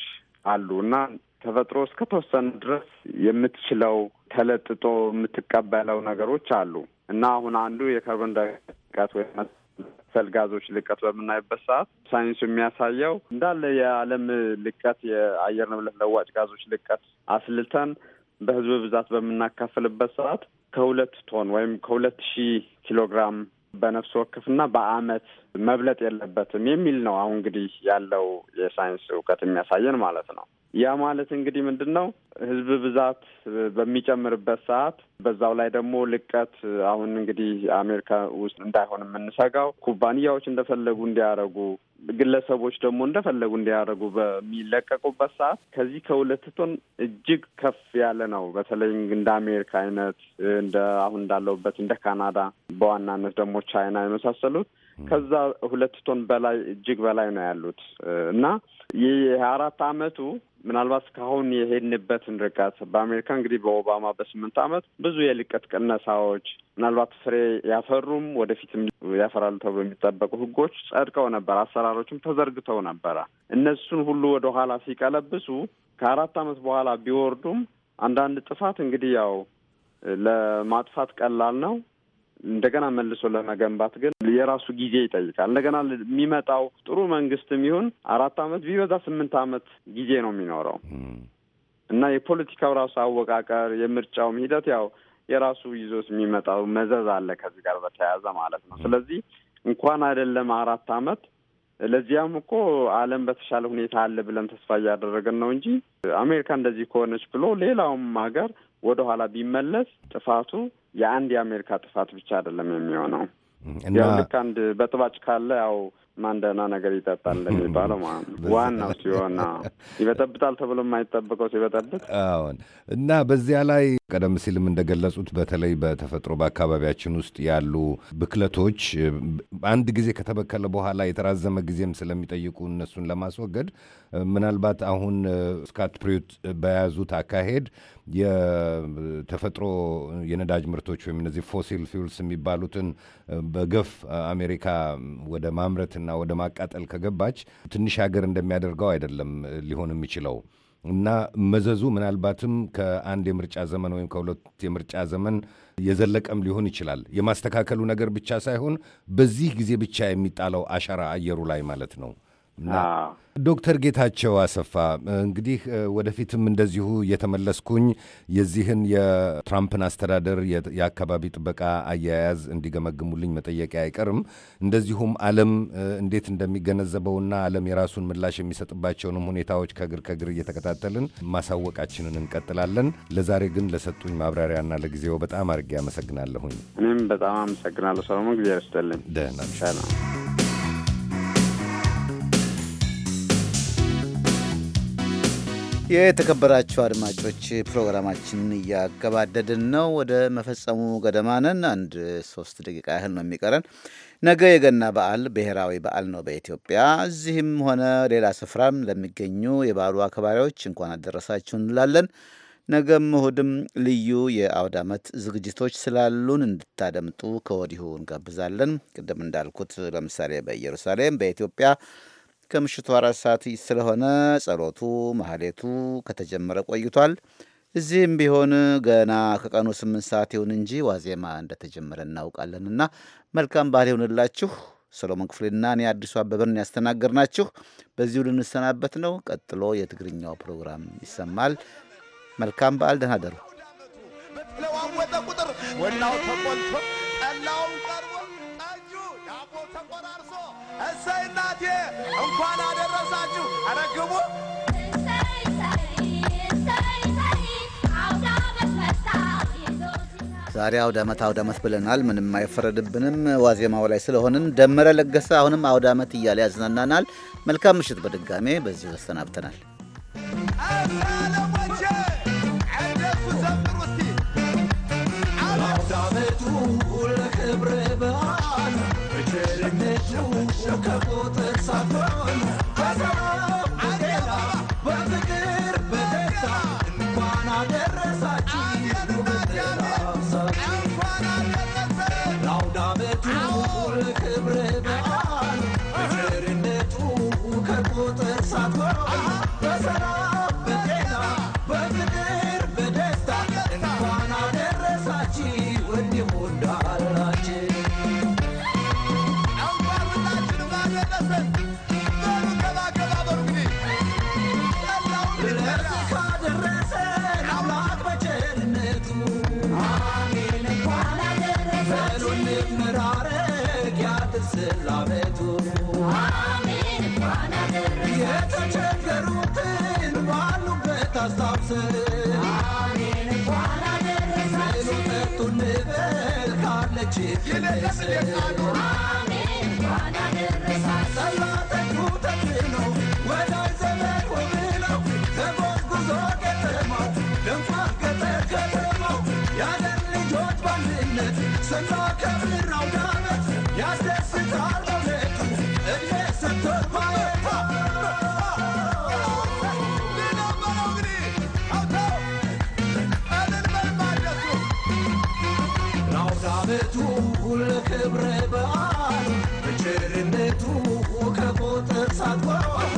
አሉ እና ተፈጥሮ እስከ ተወሰነ ድረስ የምትችለው ተለጥጦ የምትቀበለው ነገሮች አሉ እና አሁን አንዱ የካርቦን ዳይኦክሳይድ ወይም መሰል ጋዞች ልቀት በምናይበት ሰዓት ሳይንሱ የሚያሳየው እንዳለ የዓለም ልቀት የአየር ንብረት ለዋጭ ጋዞች ልቀት አስልተን በህዝብ ብዛት በምናካፍልበት ሰዓት ከሁለት ቶን ወይም ከሁለት ሺህ ኪሎ ግራም በነፍስ ወከፍና በአመት መብለጥ የለበትም የሚል ነው። አሁን እንግዲህ ያለው የሳይንስ እውቀት የሚያሳየን ማለት ነው። ያ ማለት እንግዲህ ምንድን ነው ህዝብ ብዛት በሚጨምርበት ሰዓት፣ በዛው ላይ ደግሞ ልቀት አሁን እንግዲህ አሜሪካ ውስጥ እንዳይሆን የምንሰጋው ኩባንያዎች እንደፈለጉ እንዲያደርጉ ግለሰቦች ደግሞ እንደፈለጉ እንዲያደርጉ በሚለቀቁበት ሰዓት ከዚህ ከሁለት ቶን እጅግ ከፍ ያለ ነው። በተለይ እንደ አሜሪካ አይነት እንደ አሁን እንዳለሁበት እንደ ካናዳ፣ በዋናነት ደግሞ ቻይና የመሳሰሉት ከዛ ሁለት ቶን በላይ እጅግ በላይ ነው ያሉት እና ይህ አራት አመቱ ምናልባት እስካሁን የሄድንበትን ርቀት በአሜሪካ እንግዲህ በኦባማ በስምንት አመት ብዙ የልቀት ቅነሳዎች ምናልባት ፍሬ ያፈሩም ወደፊትም ያፈራሉ ተብሎ የሚጠበቁ ህጎች ጸድቀው ነበር። አሰራሮችም ተዘርግተው ነበረ። እነሱን ሁሉ ወደ ኋላ ሲቀለብሱ ከአራት አመት በኋላ ቢወርዱም አንዳንድ ጥፋት እንግዲህ ያው ለማጥፋት ቀላል ነው እንደገና መልሶ ለመገንባት ግን የራሱ ጊዜ ይጠይቃል። እንደገና የሚመጣው ጥሩ መንግስትም ይሁን አራት አመት ቢበዛ ስምንት አመት ጊዜ ነው የሚኖረው እና የፖለቲካው ራሱ አወቃቀር የምርጫውም ሂደት ያው የራሱ ይዞት የሚመጣው መዘዝ አለ ከዚህ ጋር በተያያዘ ማለት ነው። ስለዚህ እንኳን አይደለም አራት አመት ለዚያም እኮ ዓለም በተሻለ ሁኔታ አለ ብለን ተስፋ እያደረግን ነው እንጂ አሜሪካ እንደዚህ ከሆነች ብሎ ሌላውም ሀገር ወደኋላ ቢመለስ ጥፋቱ የአንድ የአሜሪካ ጥፋት ብቻ አይደለም የሚሆነው። ያው ልክ አንድ በጥባጭ ካለ ያው ማን ደህና ነገር ይጠጣል እንደሚባለው ማለት ዋናው ሲሆን ይበጠብጣል ተብሎ የማይጠብቀው ሲበጠብጥ። አዎን። እና በዚያ ላይ ቀደም ሲልም እንደገለጹት በተለይ በተፈጥሮ በአካባቢያችን ውስጥ ያሉ ብክለቶች አንድ ጊዜ ከተበከለ በኋላ የተራዘመ ጊዜም ስለሚጠይቁ እነሱን ለማስወገድ ምናልባት አሁን ስካት ፕሪዩት በያዙት አካሄድ የተፈጥሮ የነዳጅ ምርቶች ወይም እነዚህ ፎሲል ፊውልስ የሚባሉትን በገፍ አሜሪካ ወደ ማምረትና ወደ ማቃጠል ከገባች ትንሽ ሀገር እንደሚያደርገው አይደለም ሊሆን የሚችለው። እና መዘዙ ምናልባትም ከአንድ የምርጫ ዘመን ወይም ከሁለት የምርጫ ዘመን የዘለቀም ሊሆን ይችላል። የማስተካከሉ ነገር ብቻ ሳይሆን በዚህ ጊዜ ብቻ የሚጣለው አሻራ አየሩ ላይ ማለት ነው። እና ዶክተር ጌታቸው አሰፋ እንግዲህ ወደፊትም እንደዚሁ እየተመለስኩኝ የዚህን የትራምፕን አስተዳደር የአካባቢ ጥበቃ አያያዝ እንዲገመግሙልኝ መጠየቅ አይቀርም። እንደዚሁም ዓለም እንዴት እንደሚገነዘበውና ዓለም የራሱን ምላሽ የሚሰጥባቸውንም ሁኔታዎች ከግር ከግር እየተከታተልን ማሳወቃችንን እንቀጥላለን። ለዛሬ ግን ለሰጡኝ ማብራሪያና ለጊዜው በጣም አድርጌ አመሰግናለሁኝ። እኔም በጣም አመሰግናለሁ ሰሎሞን፣ ጊዜ ያስጠልኝ። ደህና የተከበራችሁ አድማጮች ፕሮግራማችንን እያገባደድን ነው። ወደ መፈጸሙ ገደማ ነን። አንድ ሶስት ደቂቃ ያህል ነው የሚቀረን። ነገ የገና በዓል ብሔራዊ በዓል ነው በኢትዮጵያ። እዚህም ሆነ ሌላ ስፍራም ለሚገኙ የበዓሉ አክባሪዎች እንኳን አደረሳችሁ እንላለን። ነገም እሁድም ልዩ የአውድ ዓመት ዝግጅቶች ስላሉን እንድታደምጡ ከወዲሁ እንጋብዛለን። ቅድም እንዳልኩት ለምሳሌ በኢየሩሳሌም በኢትዮጵያ ከምሽቱ አራት ሰዓት ስለሆነ ጸሎቱ ማህሌቱ ከተጀመረ ቆይቷል። እዚህም ቢሆን ገና ከቀኑ ስምንት ሰዓት ይሁን እንጂ ዋዜማ እንደተጀመረ እናውቃለንና መልካም ባህል ይሁንላችሁ። ሰሎሞን ክፍሌና እኔ አዲሱ አበበን ያስተናገርናችሁ በዚሁ ልንሰናበት ነው። ቀጥሎ የትግርኛው ፕሮግራም ይሰማል። መልካም በዓል፣ ደህና ደሩ። እሰይ እናቴ እንኳን አደረሳችሁ። አረግቡ ዛሬ አውደ ዓመት አውደ ዓመት ብለናል። ምንም አይፈረድብንም። ዋዜማው ላይ ስለሆንን ደመረ ለገሰ አሁንም አውደ ዓመት እያለ ያዝናናናል። መልካም ምሽት። በድጋሜ በዚህ ተሰናብተናል። ከቁጥር ሳትሆን አመቱ አሜን እንኳን ባሉበት አስታውሰን አሜን እንኳን አደረሰን። ብሉ ጠጡ ጉዞ ገጠመው ደንፋር ገጠር ከተማው ያለን ልጆች ባንድነት ስናከብር አውዳመት በቱ ለክብረ በዓል በቸርነቱ ከቁጥር ሳትወጣ